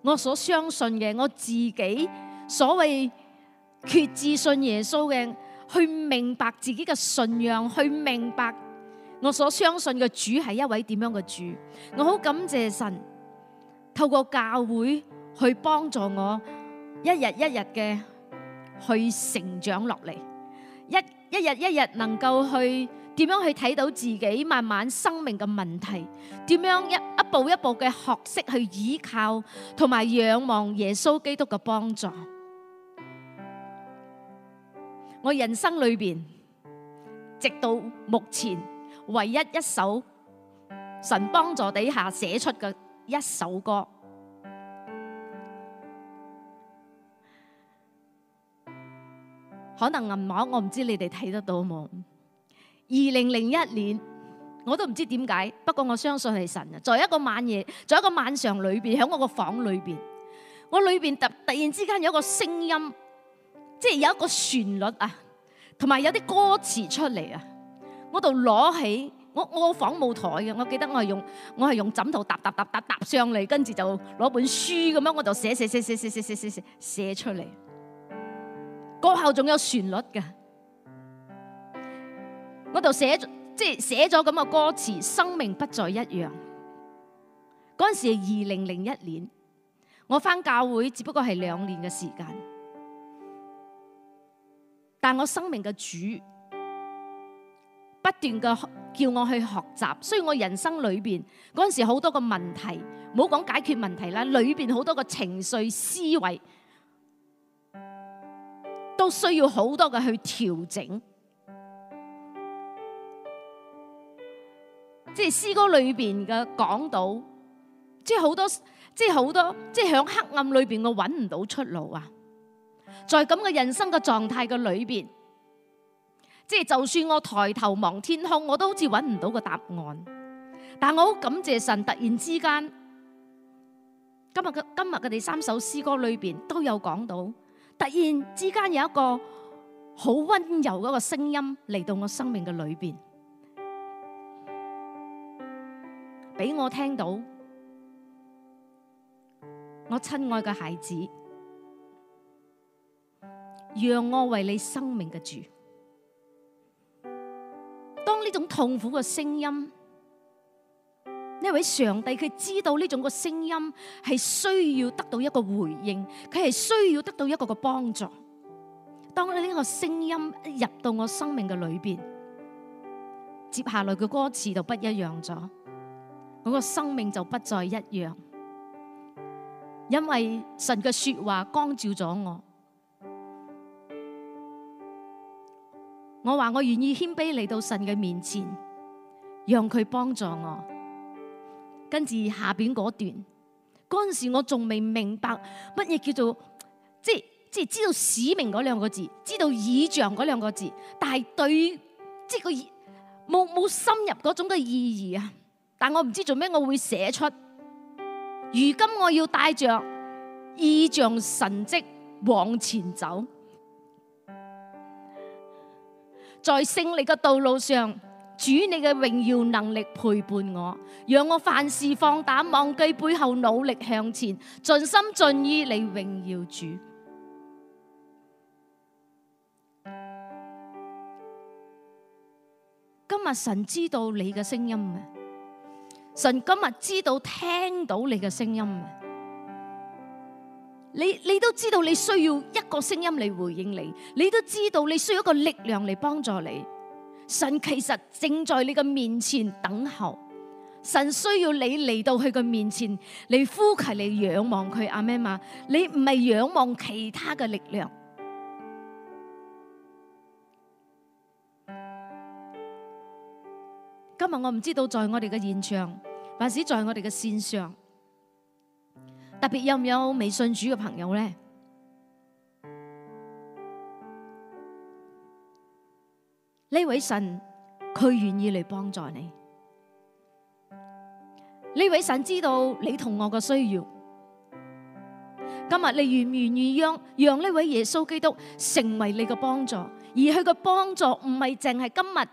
我所相信嘅，我自己所謂決志信耶穌嘅，去明白自己嘅信仰，去明白我所相信嘅主係一位點樣嘅主，我好感謝神。透過教會去幫助我，一日一日嘅去成長落嚟，一一日一日能夠去點樣去睇到自己，慢慢生命嘅問題，點樣一一步一步嘅學識去依靠同埋仰望耶穌基督嘅幫助。我人生裏邊，直到目前唯一一首神幫助底下寫出嘅。一首歌，可能暗門我唔知你哋睇得到冇？二零零一年，我都唔知點解，不過我相信係神啊！在一個晚夜，在一個晚上裏邊，喺我個房裏邊，我裏邊突突然之間有一個聲音，即係有一個旋律啊，同埋有啲歌詞出嚟啊，我度攞起。我我房冇台嘅，我記得我係用我係用枕頭搭搭搭搭搭上嚟，跟住就攞本書咁樣我就寫寫寫寫寫寫寫寫寫出嚟。歌後仲有旋律嘅，我就寫即係寫咗咁嘅歌詞，生命不再一樣。嗰陣時係二零零一年，我返教會只不過係兩年嘅時間，但我生命嘅主。不斷嘅叫我去學習，所以我人生裏邊嗰陣時好多嘅問題，唔好講解決問題啦，裏邊好多嘅情緒思維都需要好多嘅去調整。即係詩歌裏邊嘅講到，即係好多，即係好多，即係響黑暗裏邊我搵唔到出路啊！在咁嘅人生嘅狀態嘅裏邊。即係就算我抬頭望天空，我都好似揾唔到個答案。但係我好感謝神，突然之間，今日嘅今日嘅第三首詩歌裏邊都有講到，突然之間有一個好溫柔嗰個聲音嚟到我生命嘅裏邊，俾我聽到，我親愛嘅孩子，讓我為你生命嘅主。呢種痛苦嘅聲音，呢位上帝佢知道呢種嘅聲音係需要得到一個回應，佢係需要得到一個嘅幫助。當呢個聲音入到我生命嘅裏邊，接下來嘅歌詞就不一樣咗，我個生命就不再一樣，因為神嘅說話光照咗我。我話我願意謙卑嚟到神嘅面前，讓佢幫助我。跟住下邊嗰段，嗰陣時我仲未明白乜嘢叫做，即係即係知道使命嗰兩個字，知道意象嗰兩個字，但係對即係個冇冇深入嗰種嘅意義啊！但我唔知做咩我會寫出，如今我要帶着意象神跡往前走。在勝利嘅道路上，主你嘅榮耀能力陪伴我，讓我凡事放膽，忘記背後，努力向前，盡心盡意嚟榮耀主。今日神知道你嘅聲音嗎？神今日知道聽到你嘅聲音嗎？你你都知道你需要一個聲音嚟回應你，你都知道你需要一個力量嚟幫助你。神其實正在你嘅面前等候，神需要你嚟到佢嘅面前嚟呼求，嚟仰望佢阿們嘛，你唔係仰望其他嘅力量。今日我唔知道在我哋嘅現場還是在我哋嘅線上。特別有唔有未信主嘅朋友呢？呢位神，佢願意嚟幫助你，呢位神知道你同我嘅需要。今日你願唔願意讓讓呢位耶穌基督成為你嘅幫助？而佢嘅幫助唔係淨係今日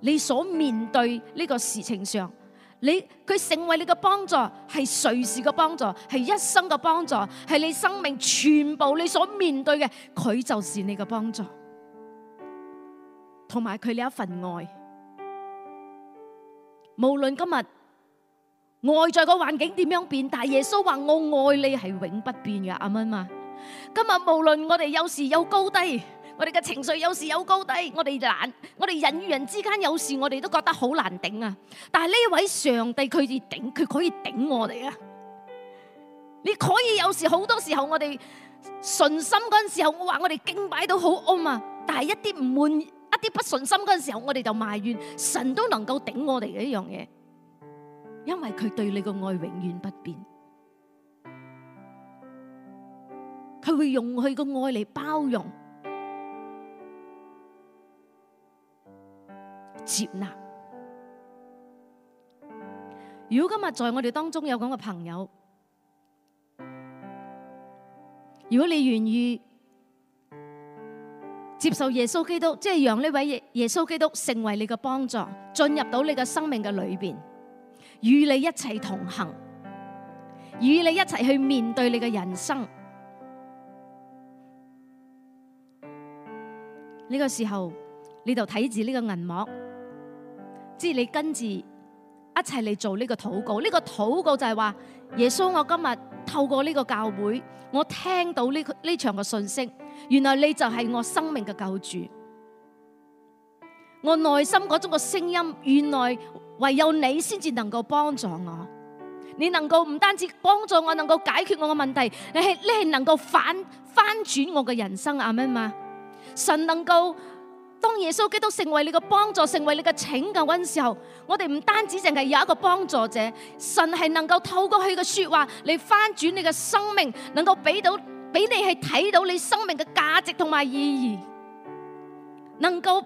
你所面對呢個事情上。你佢成為你嘅幫助，係隨時嘅幫助，係一生嘅幫助，係你生命全部，你所面對嘅，佢就是你嘅幫助。同埋佢呢一份愛，無論今日外在嘅環境點樣變，但耶穌話我愛你係永不變嘅阿蚊嘛。今日無論我哋有時有高低。我哋嘅情緒有時有高低，我哋難，我哋人與人之間有時，我哋都覺得好難頂啊！但係呢位上帝佢可以頂，佢可以頂我哋啊！你可以有時，好多時候我哋順心嗰陣時候，我話我哋敬拜到好安啊！但係一啲唔滿，一啲不順心嗰陣時候，我哋就埋怨神都能夠頂我哋嘅一樣嘢，因為佢對你嘅愛永遠不變，佢會用佢嘅愛嚟包容。接納。如果今日在我哋當中有咁嘅朋友，如果你願意接受耶穌基督，即係讓呢位耶，耶穌基督成為你嘅幫助，進入到你嘅生命嘅裏邊，與你一齊同行，與你一齊去面對你嘅人生。呢個時候你就睇住呢個銀幕。知你跟住一齊嚟做呢個禱告，呢個禱告就係話耶穌，我今日透過呢個教會，我聽到呢呢場嘅訊息，原來你就係我生命嘅救主，我內心嗰種嘅聲音，原來唯有你先至能夠幫助我，你能夠唔單止幫助我，能夠解決我嘅問題，你係你係能夠反翻轉我嘅人生啊咩嘛，神能夠。當耶穌基督成為你嘅幫助，成為你嘅拯救嗰陣時候，我哋唔單止淨係有一個幫助者，神係能夠透過佢嘅說話嚟翻轉你嘅生命，能夠俾到俾你係睇到你生命嘅價值同埋意義，能夠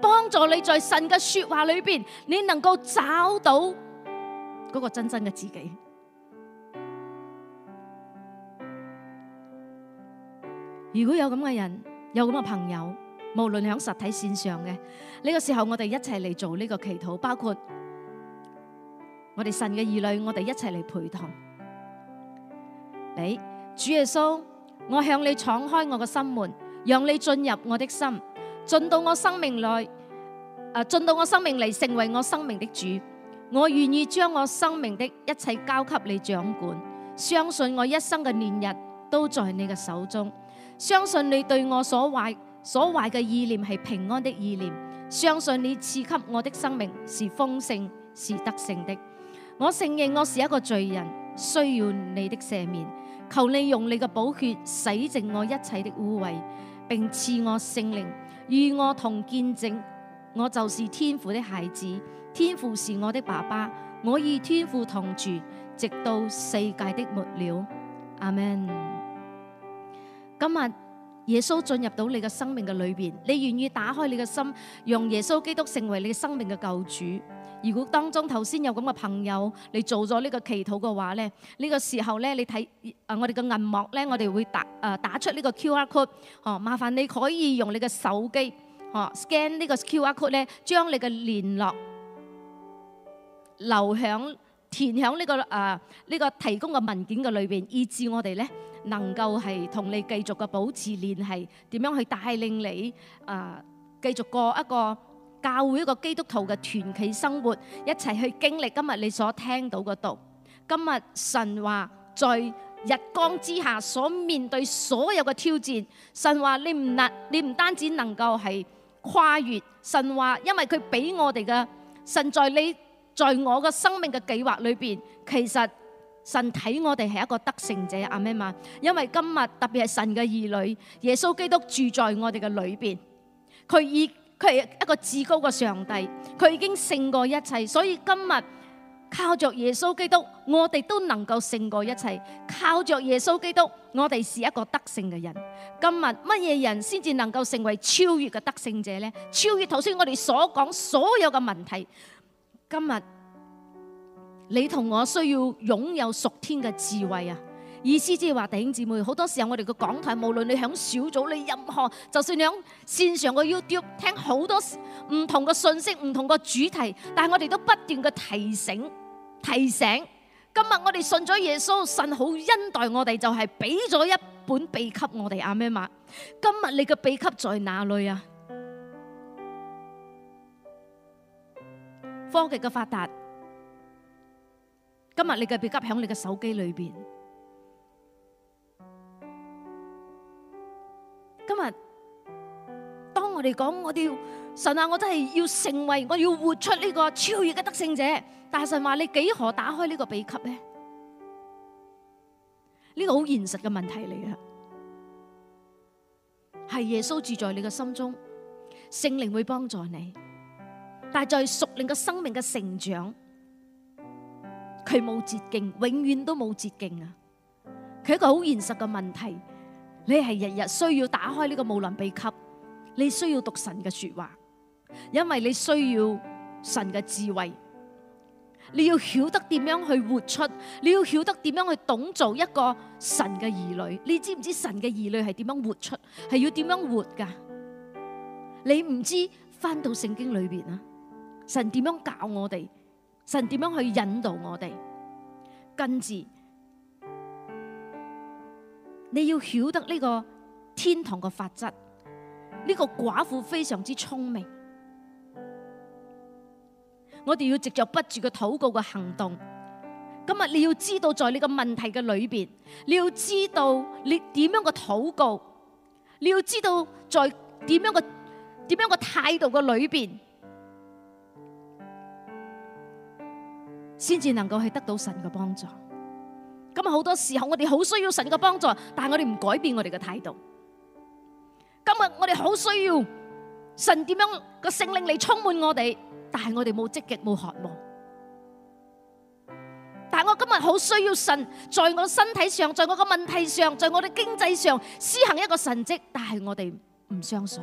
幫助你在神嘅說話裏邊，你能夠找到嗰個真真嘅自己。如果有咁嘅人，有咁嘅朋友。無論喺實體線上嘅呢個時候，我哋一齊嚟做呢個祈禱，包括我哋神嘅兒女，我哋一齊嚟陪同你。主耶穌，我向你敞開我嘅心門，讓你進入我的心，進到我生命裏，誒，進到我生命嚟成為我生命的主。我願意將我生命的一切交給你掌管，相信我一生嘅年日都在你嘅手中，相信你對我所懷。所懷嘅意念係平安的意念，相信你賜給我的生命是豐盛，是得勝的。我承認我是一個罪人，需要你的赦免。求你用你嘅寶血洗淨我一切的污穢，並賜我聖靈，與我同見證。我就是天父的孩子，天父是我的爸爸，我與天父同住，直到世界的末了。阿門。今日。耶穌進入到你嘅生命嘅裏邊，你願意打開你嘅心，讓耶穌基督成為你生命嘅救主。如果當中頭先有咁嘅朋友你做咗呢個祈禱嘅話咧，呢個時候咧，你睇啊，我哋嘅銀幕咧，我哋會打誒打出呢個 QR code，哦，麻煩你可以用你嘅手機，哦 scan 呢個 QR code 咧，將你嘅聯絡留響。填喺呢個誒呢個提供嘅文件嘅裏邊，以至我哋咧能夠係同你繼續嘅保持聯繫，點樣去帶領你誒繼續過一個教會一個基督徒嘅團體生活，一齊去經歷今日你所聽到嘅道。今日神話在日光之下所面對所有嘅挑戰，神話你唔能你唔單止能夠係跨越，神話因為佢俾我哋嘅神在你。在我嘅生命嘅計劃裏邊，其實神睇我哋係一個得勝者阿們嘛？因為今日特別係神嘅兒女，耶穌基督住在我哋嘅裏邊，佢已佢係一個至高嘅上帝，佢已經勝過一切，所以今日靠着耶穌基督，我哋都能夠勝過一切。靠着耶穌基督，我哋是一個得勝嘅人。今日乜嘢人先至能夠成為超越嘅得勝者呢？超越頭先我哋所講所有嘅問題。今日你同我需要擁有屬天嘅智慧啊！意思即係話，弟兄姊妹，好多時候我哋嘅講台，無論你響小組，你任何，就算你響線上嘅 YouTube，聽好多唔同嘅信息、唔同嘅主題，但係我哋都不斷嘅提醒、提醒。今日我哋信咗耶穌，神好恩待我哋，就係俾咗一本秘笈我哋。阿們嗎？今日你嘅秘笈在哪裏啊？科技嘅發達，今日你嘅秘笈響你嘅手機裏邊。今日當我哋講，我哋神啊，我真係要成為，我要活出呢個超越嘅得勝者。大神話你幾何打開呢個秘笈呢？呢個好現實嘅問題嚟嘅。係耶穌住在你嘅心中，聖靈會幫助你。但係在屬靈嘅生命嘅成長，佢冇捷徑，永遠都冇捷徑啊！佢係一個好現實嘅問題，你係日日需要打開呢個武林秘笈，你需要讀神嘅說話，因為你需要神嘅智慧，你要曉得點樣去活出，你要曉得點樣去懂做一個神嘅兒女。你知唔知神嘅兒女係點樣活出？係要點樣活噶？你唔知翻到聖經裏邊啊？神點樣教我哋？神點樣去引導我哋？跟住你要曉得呢個天堂嘅法則。呢個寡婦非常之聰明。我哋要藉着不住嘅禱告嘅行動。咁啊，你要知道在你嘅問題嘅裏邊，你要知道你點樣嘅禱告，你要知道在點樣嘅點樣嘅態度嘅裏邊。先至能夠去得到神嘅幫助。今日，好多時候我哋好需要神嘅幫助，但係我哋唔改變我哋嘅態度。今日我哋好需要神點樣個聖靈嚟充滿我哋，但係我哋冇積極冇渴望。但係我今日好需要神在我身體上、在我嘅問題上、在我哋經濟上施行一個神蹟，但係我哋唔相信。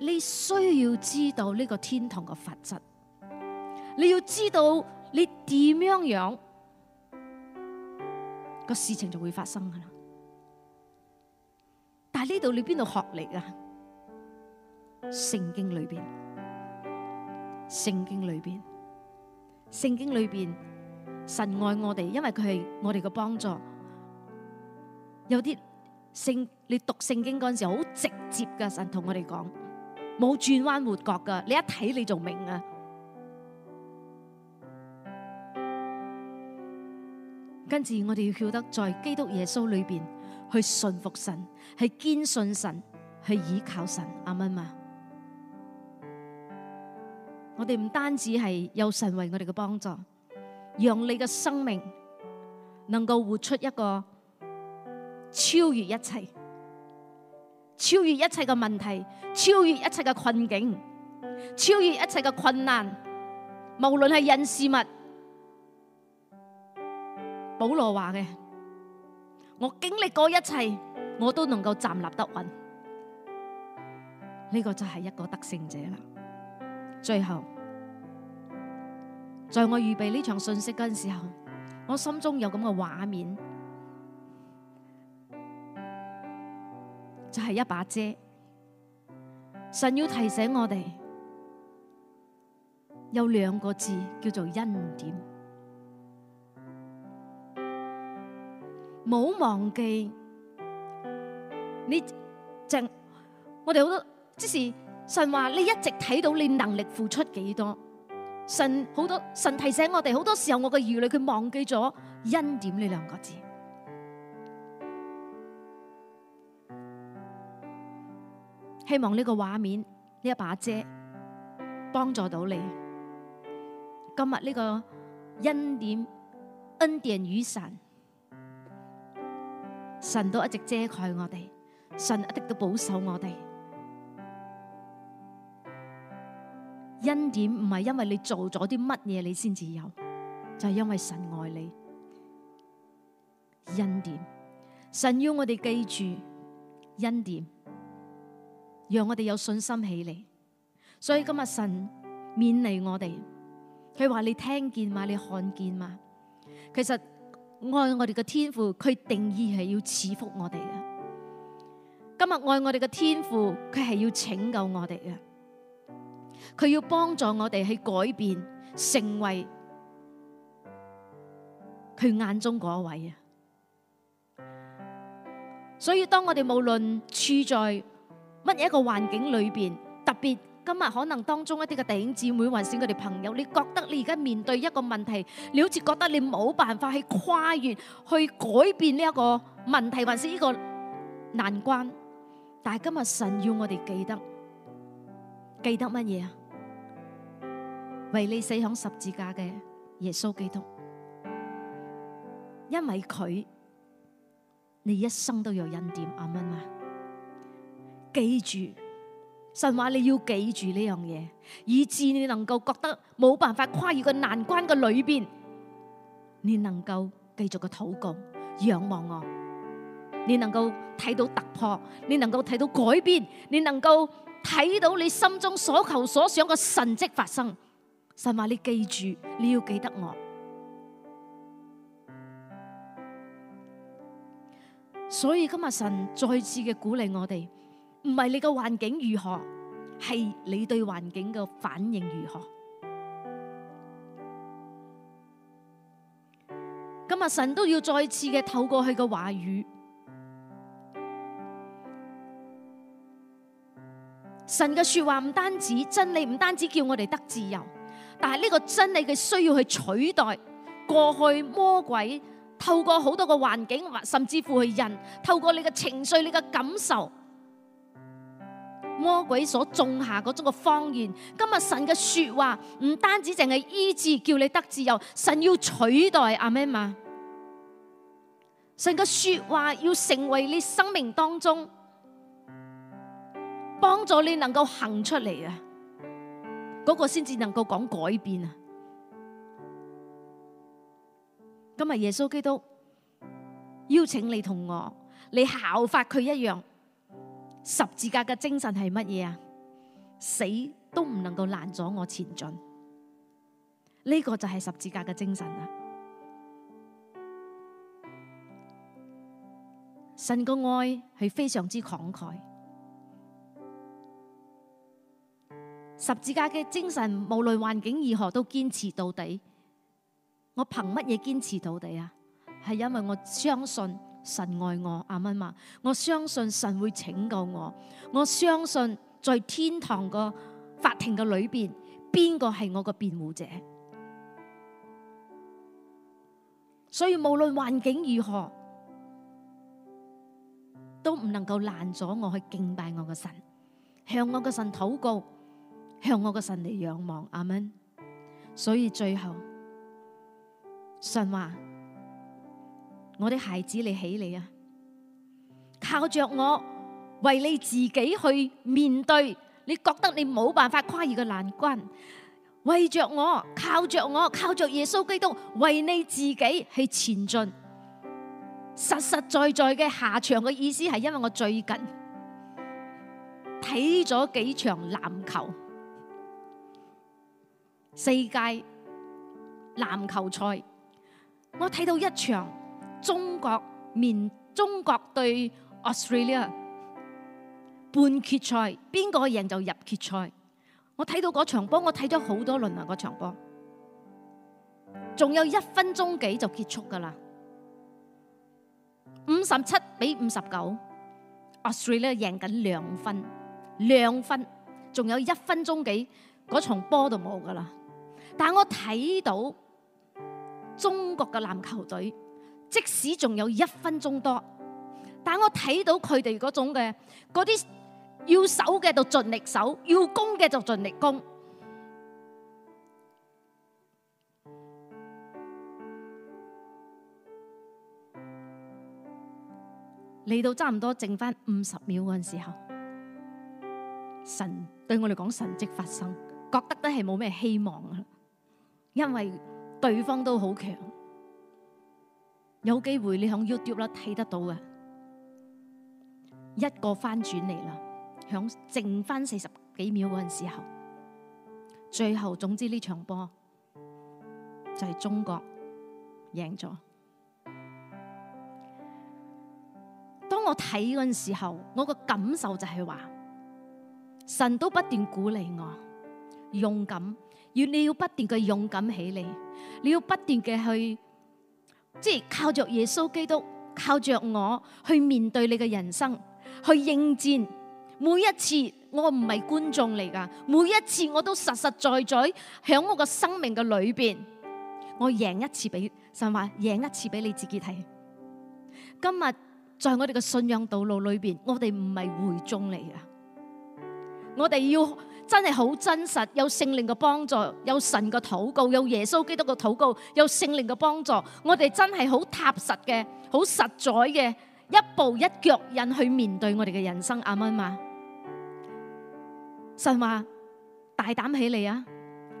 你需要知道呢個天堂嘅法則。你要知道你點樣樣，個事情就會發生噶啦。但係呢度你邊度學嚟啊？聖經裏邊，聖經裏邊，聖經裏邊，神愛我哋，因為佢係我哋嘅幫助。有啲聖，你讀聖經嗰陣時好直接噶，神同我哋講，冇轉彎抹角噶，你一睇，你就明啊。跟住我哋要曉得，在基督耶穌裏邊去順服神，去堅信神，去倚靠神。阿門嘛，我哋唔單止係有神為我哋嘅幫助，讓你嘅生命能夠活出一個超越一切、超越一切嘅問題、超越一切嘅困境、超越一切嘅困難，無論係人事物。保羅話嘅：「我經歷過一切，我都能夠站立得穩，呢個就係一個得勝者啦。最後，在我預備呢場信息嗰陣時候，我心中有咁嘅畫面，就係一把遮。神要提醒我哋，有兩個字叫做恩典。冇忘記，你淨我哋好多，即是神話你一直睇到你能力付出幾多，神好多神提醒我哋，好多時候我嘅兒女佢忘記咗恩典呢兩個字。希望呢個畫面呢一把遮幫助到你，今日呢個恩典恩典雨傘。神都一直遮蓋我哋，神一直都保守我哋。恩典唔係因為你做咗啲乜嘢你先至有，就係因為神愛你。恩典，神要我哋記住恩典，讓我哋有信心起嚟。所以今日神勉勵我哋，佢話你聽見嘛？你看見嘛？其實。愛我哋嘅天父，佢定意係要賜福我哋嘅。今日愛我哋嘅天父，佢係要拯救我哋嘅，佢要幫助我哋去改變，成為佢眼中嗰位啊！所以當我哋無論處在乜嘢一個環境裏邊，特別。今日可能當中一啲嘅弟兄姊妹，還是佢哋朋友，你覺得你而家面對一個問題，你好似覺得你冇辦法去跨越，去改變呢一個問題，還是呢個難關？但係今日神要我哋記得，記得乜嘢啊？為你死響十字架嘅耶穌基督，因為佢，你一生都有恩典。阿們啊，記住。神話你要記住呢樣嘢，以至你能夠覺得冇辦法跨越個難關嘅裏邊，你能夠繼續嘅禱告，仰望我，你能夠睇到突破，你能夠睇到改變，你能夠睇到你心中所求所想嘅神跡發生。神話你記住，你要記得我。所以今日神再次嘅鼓勵我哋。唔係你個環境如何，係你對環境嘅反應如何。咁阿神都要再次嘅透過佢嘅話語，神嘅說話唔單止真理，唔單止叫我哋得自由，但係呢個真理嘅需要去取代過去魔鬼透過好多個環境，或甚至乎係人透過你嘅情緒、你嘅感受。魔鬼所種下嗰種嘅謊言，今日神嘅說話唔單止淨係醫治，叫你得自由。神要取代阿媽嘛？神嘅說話要成為你生命當中幫助你能夠行出嚟啊！嗰個先至能夠講改變啊！今日耶穌基督邀請你同我，你效法佢一樣。十字架嘅精神係乜嘢啊？死都唔能夠攔阻我前進，呢個就係十字架嘅精神啊！神個愛係非常之慷慨，十字架嘅精神無論環境如何都堅持到底。我憑乜嘢堅持到底啊？係因為我相信。神愛我，阿們嘛，我相信神會拯救我，我相信在天堂個法庭嘅裏邊，邊個係我個辯護者，所以無論環境如何，都唔能夠難咗我去敬拜我個神，向我個神禱告，向我個神嚟仰望，阿們，所以最後神話。我的孩子，你起嚟啊！靠着我，為你自己去面對，你覺得你冇辦法跨越嘅難關，為着我，靠着我，靠着耶穌基督，為你自己去前進。實實在在嘅下場嘅意思係因為我最近睇咗幾場籃球世界籃球賽，我睇到一場。中國面中國對 Australia 半決賽，邊個贏就入決賽。我睇到嗰場波，我睇咗好多輪啊！嗰場波仲有一分鐘幾就結束噶啦，五十七比五十九，Australia 贏緊兩分，兩分，仲有一分鐘幾，嗰場波就冇噶啦。但我睇到中國嘅籃球隊。即使仲有一分鐘多，但我睇到佢哋嗰種嘅嗰啲要守嘅就盡力守，要攻嘅就盡力攻。嚟到差唔多剩翻五十秒嗰陣時候，神對我嚟講，神蹟發生，覺得都係冇咩希望啦，因為對方都好強。有機會你響 YouTube 啦，睇得到嘅一個翻轉嚟啦。響剩翻四十幾秒嗰陣時候，最後，總之呢場波就係中國贏咗。當我睇嗰陣時候，我個感受就係話，神都不斷鼓勵我勇敢，要你要不斷嘅勇敢起嚟，你要不斷嘅去。即係靠着耶穌基督，靠着我去面對你嘅人生，去應戰。每一次我唔係觀眾嚟噶，每一次我都實實在在響我個生命嘅裏邊，我贏一次俾神話，贏一次俾你自己睇。今日在我哋嘅信仰道路裏邊，我哋唔係會眾嚟噶，我哋要。真係好真實，有聖靈嘅幫助，有神嘅禱告，有耶穌基督嘅禱告，有聖靈嘅幫助，我哋真係好踏實嘅，好實在嘅，一步一腳印去面對我哋嘅人生。阿媽，神話大膽起嚟啊，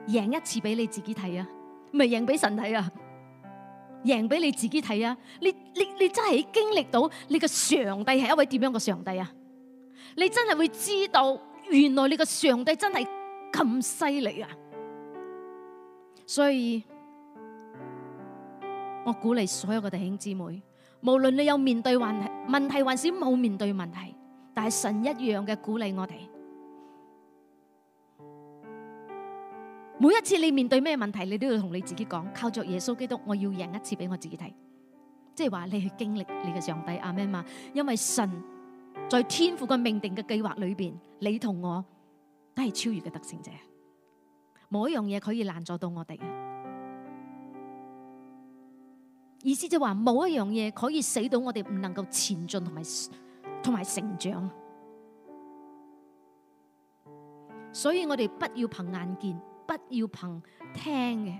贏一次俾你自己睇啊，咪贏俾神睇啊，贏俾你自己睇啊，你你你真係經歷到你嘅上帝係一位點樣嘅上帝啊，你真係會知道。原來你個上帝真係咁犀利啊！所以我鼓勵所有嘅弟兄姊妹，無論你有面對問題，問題還是冇面對問題，但係神一樣嘅鼓勵我哋。每一次你面對咩問題，你都要同你自己講，靠着耶穌基督，我要贏一次俾我自己睇，即係話你去經歷你嘅上帝阿們嘛，因為神。在天父嘅命定嘅計劃裏邊，你同我都係超越嘅得勝者，冇一樣嘢可以難阻到我哋。意思就話冇一樣嘢可以使到我哋唔能夠前進同埋同埋成長。所以我哋不要憑眼見，不要憑聽嘅，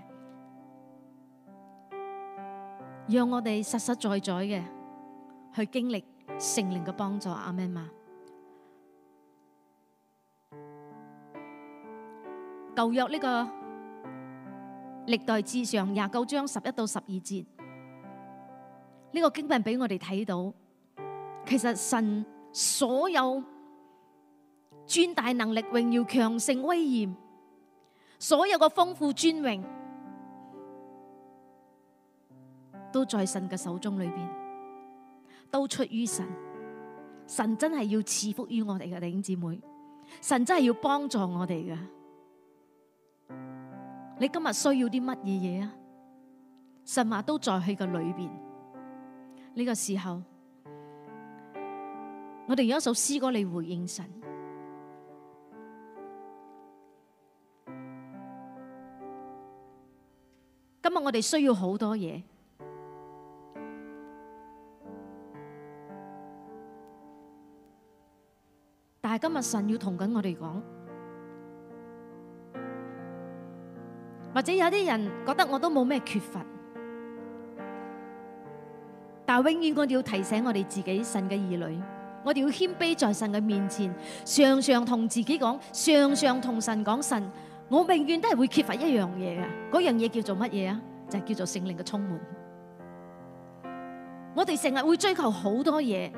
讓我哋實實在在嘅去經歷。聖靈嘅幫助，阿們，舊約呢個歷代志上廿九章十一到十二節，呢個經文俾我哋睇到，其實神所有尊大能力、榮耀、強盛、威嚴，所有嘅豐富尊榮，都在神嘅手中裡面。都出於神，神真係要賜福於我哋嘅弟兄姊妹，神真係要幫助我哋嘅。你今日需要啲乜嘢嘢啊？神話都在佢嘅裡邊。呢、呢個時候，我哋用一首詩歌嚟回應神。今日我哋需要好多嘢。今日神要同緊我哋講，或者有啲人覺得我都冇咩缺乏，但永遠我哋要提醒我哋自己，神嘅兒女，我哋要謙卑在神嘅面前，常常同自己講，常常同神講，神，我永遠都係會缺乏一樣嘢嘅，嗰樣嘢叫做乜嘢啊？就係叫做聖靈嘅充滿。我哋成日會追求好多嘢，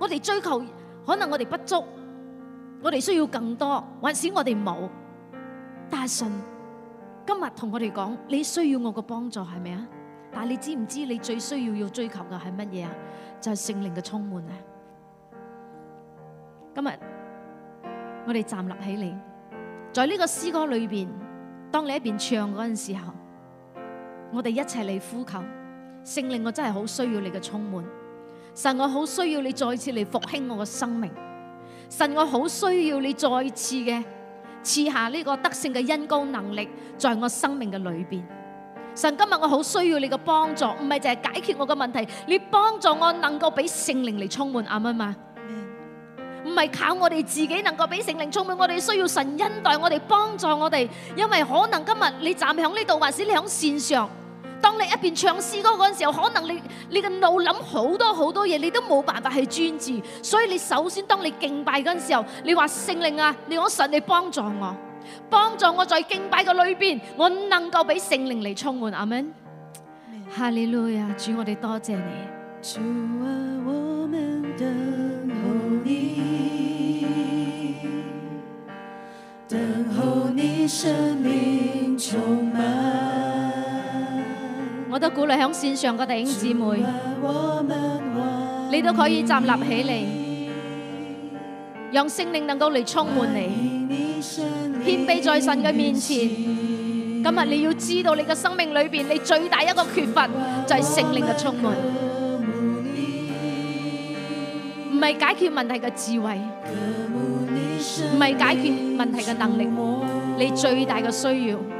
我哋追求，可能我哋不足。我哋需要更多，或者我哋冇。但係神，今日同我哋講，你需要我嘅幫助係咪啊？但係你知唔知道你最需要要追求嘅係乜嘢啊？就係聖靈嘅充滿啊！今日我哋站立起嚟，在呢個詩歌裏邊，當你一邊唱嗰陣時候，我哋一齊嚟呼求聖靈，我真係好需要你嘅充滿。神，我好需要你再次嚟復興我嘅生命。神，我好需要你再次嘅賜下呢個得勝嘅恩膏能力，在我生命嘅裏邊。神，今日我好需要你嘅幫助，唔係就係解決我嘅問題，你幫助我能夠俾聖靈嚟充滿啱唔啱啊？唔係靠我哋自己能夠俾聖靈充滿，我哋需要神恩待我哋，幫助我哋，因為可能今日你站響呢度，還是你響線上。當你一邊唱詩歌嗰陣時候，可能你你嘅腦諗好多好多嘢，你都冇辦法去專注。所以你首先當你敬拜嗰陣時候，你話聖靈啊，你講神嚟幫助我，幫助我在敬拜嘅裏邊，我能夠俾聖靈嚟充滿。阿門。哈利路亞，主我哋多謝你。主啊，我哋等候你，等候你聖靈充滿。我都鼓勵喺線上嘅弟兄姊妹，你都可以站立起嚟，讓聖靈能夠嚟充滿你。謙卑在神嘅面前，今日你要知道你嘅生命裏面，你最大一個缺乏就係聖靈嘅充滿，唔係解決問題嘅智慧，唔係解決問題嘅能力，你最大嘅需要。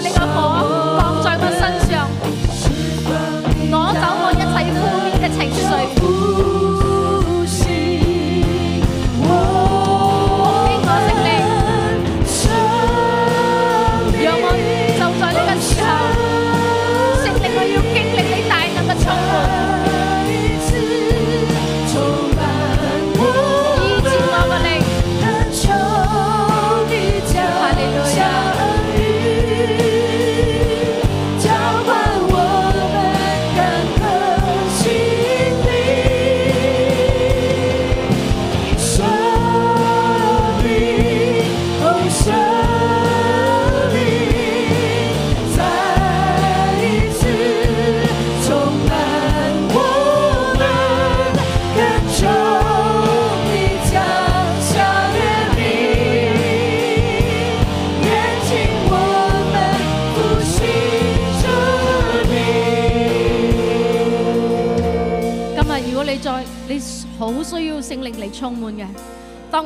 你個火放在我身上，攞走我一切負面嘅情緒。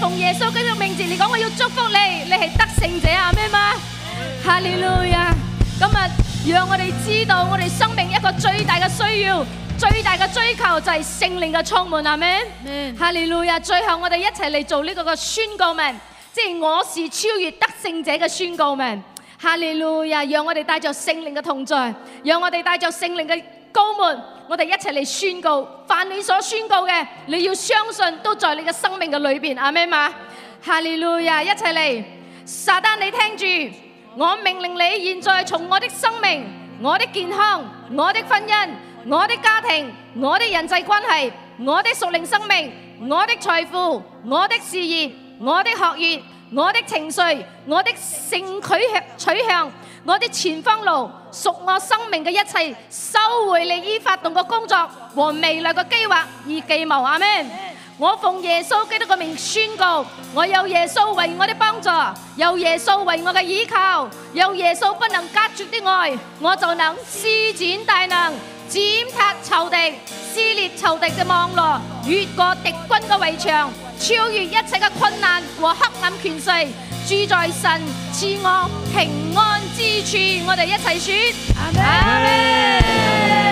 奉耶穌基督名字嚟講，我要祝福你，你係得勝者啊，咩嘛？哈利路亞！今日讓我哋知道，我哋生命一個最大嘅需要，最大嘅追求就係聖靈嘅充滿，係咪？哈利路亞！最後我哋一齊嚟做呢個嘅宣告文，即係我是超越得勝者嘅宣告文。哈利路亞！讓我哋帶着聖靈嘅同在，讓我哋帶着聖靈嘅。高們，我哋一齊嚟宣告，凡你所宣告嘅，你要相信，都在你嘅生命嘅裏邊，阿咩嘛？哈利路亞，一齊嚟！撒旦，你聽住，我命令你，現在從我的生命、我的健康、我的婚姻、我的家庭、我的人際關係、我的屬靈生命、我的財富、我的事業、我的學業、我的情緒、我的性取向取向。我啲前方路，屬我生命嘅一切，收回你已發動嘅工作和未來嘅計劃而計謀，阿們。我奉耶穌基督嘅名宣告，我有耶穌為我啲幫助，有耶穌為我嘅依靠，有耶穌不能隔絕啲愛，我就能施展大能，踐踏仇敵，撕裂仇敵嘅網絡，越過敵軍嘅圍牆，超越一切嘅困難和黑暗權勢。住在神賜我平安之處，我哋一齊說，阿門。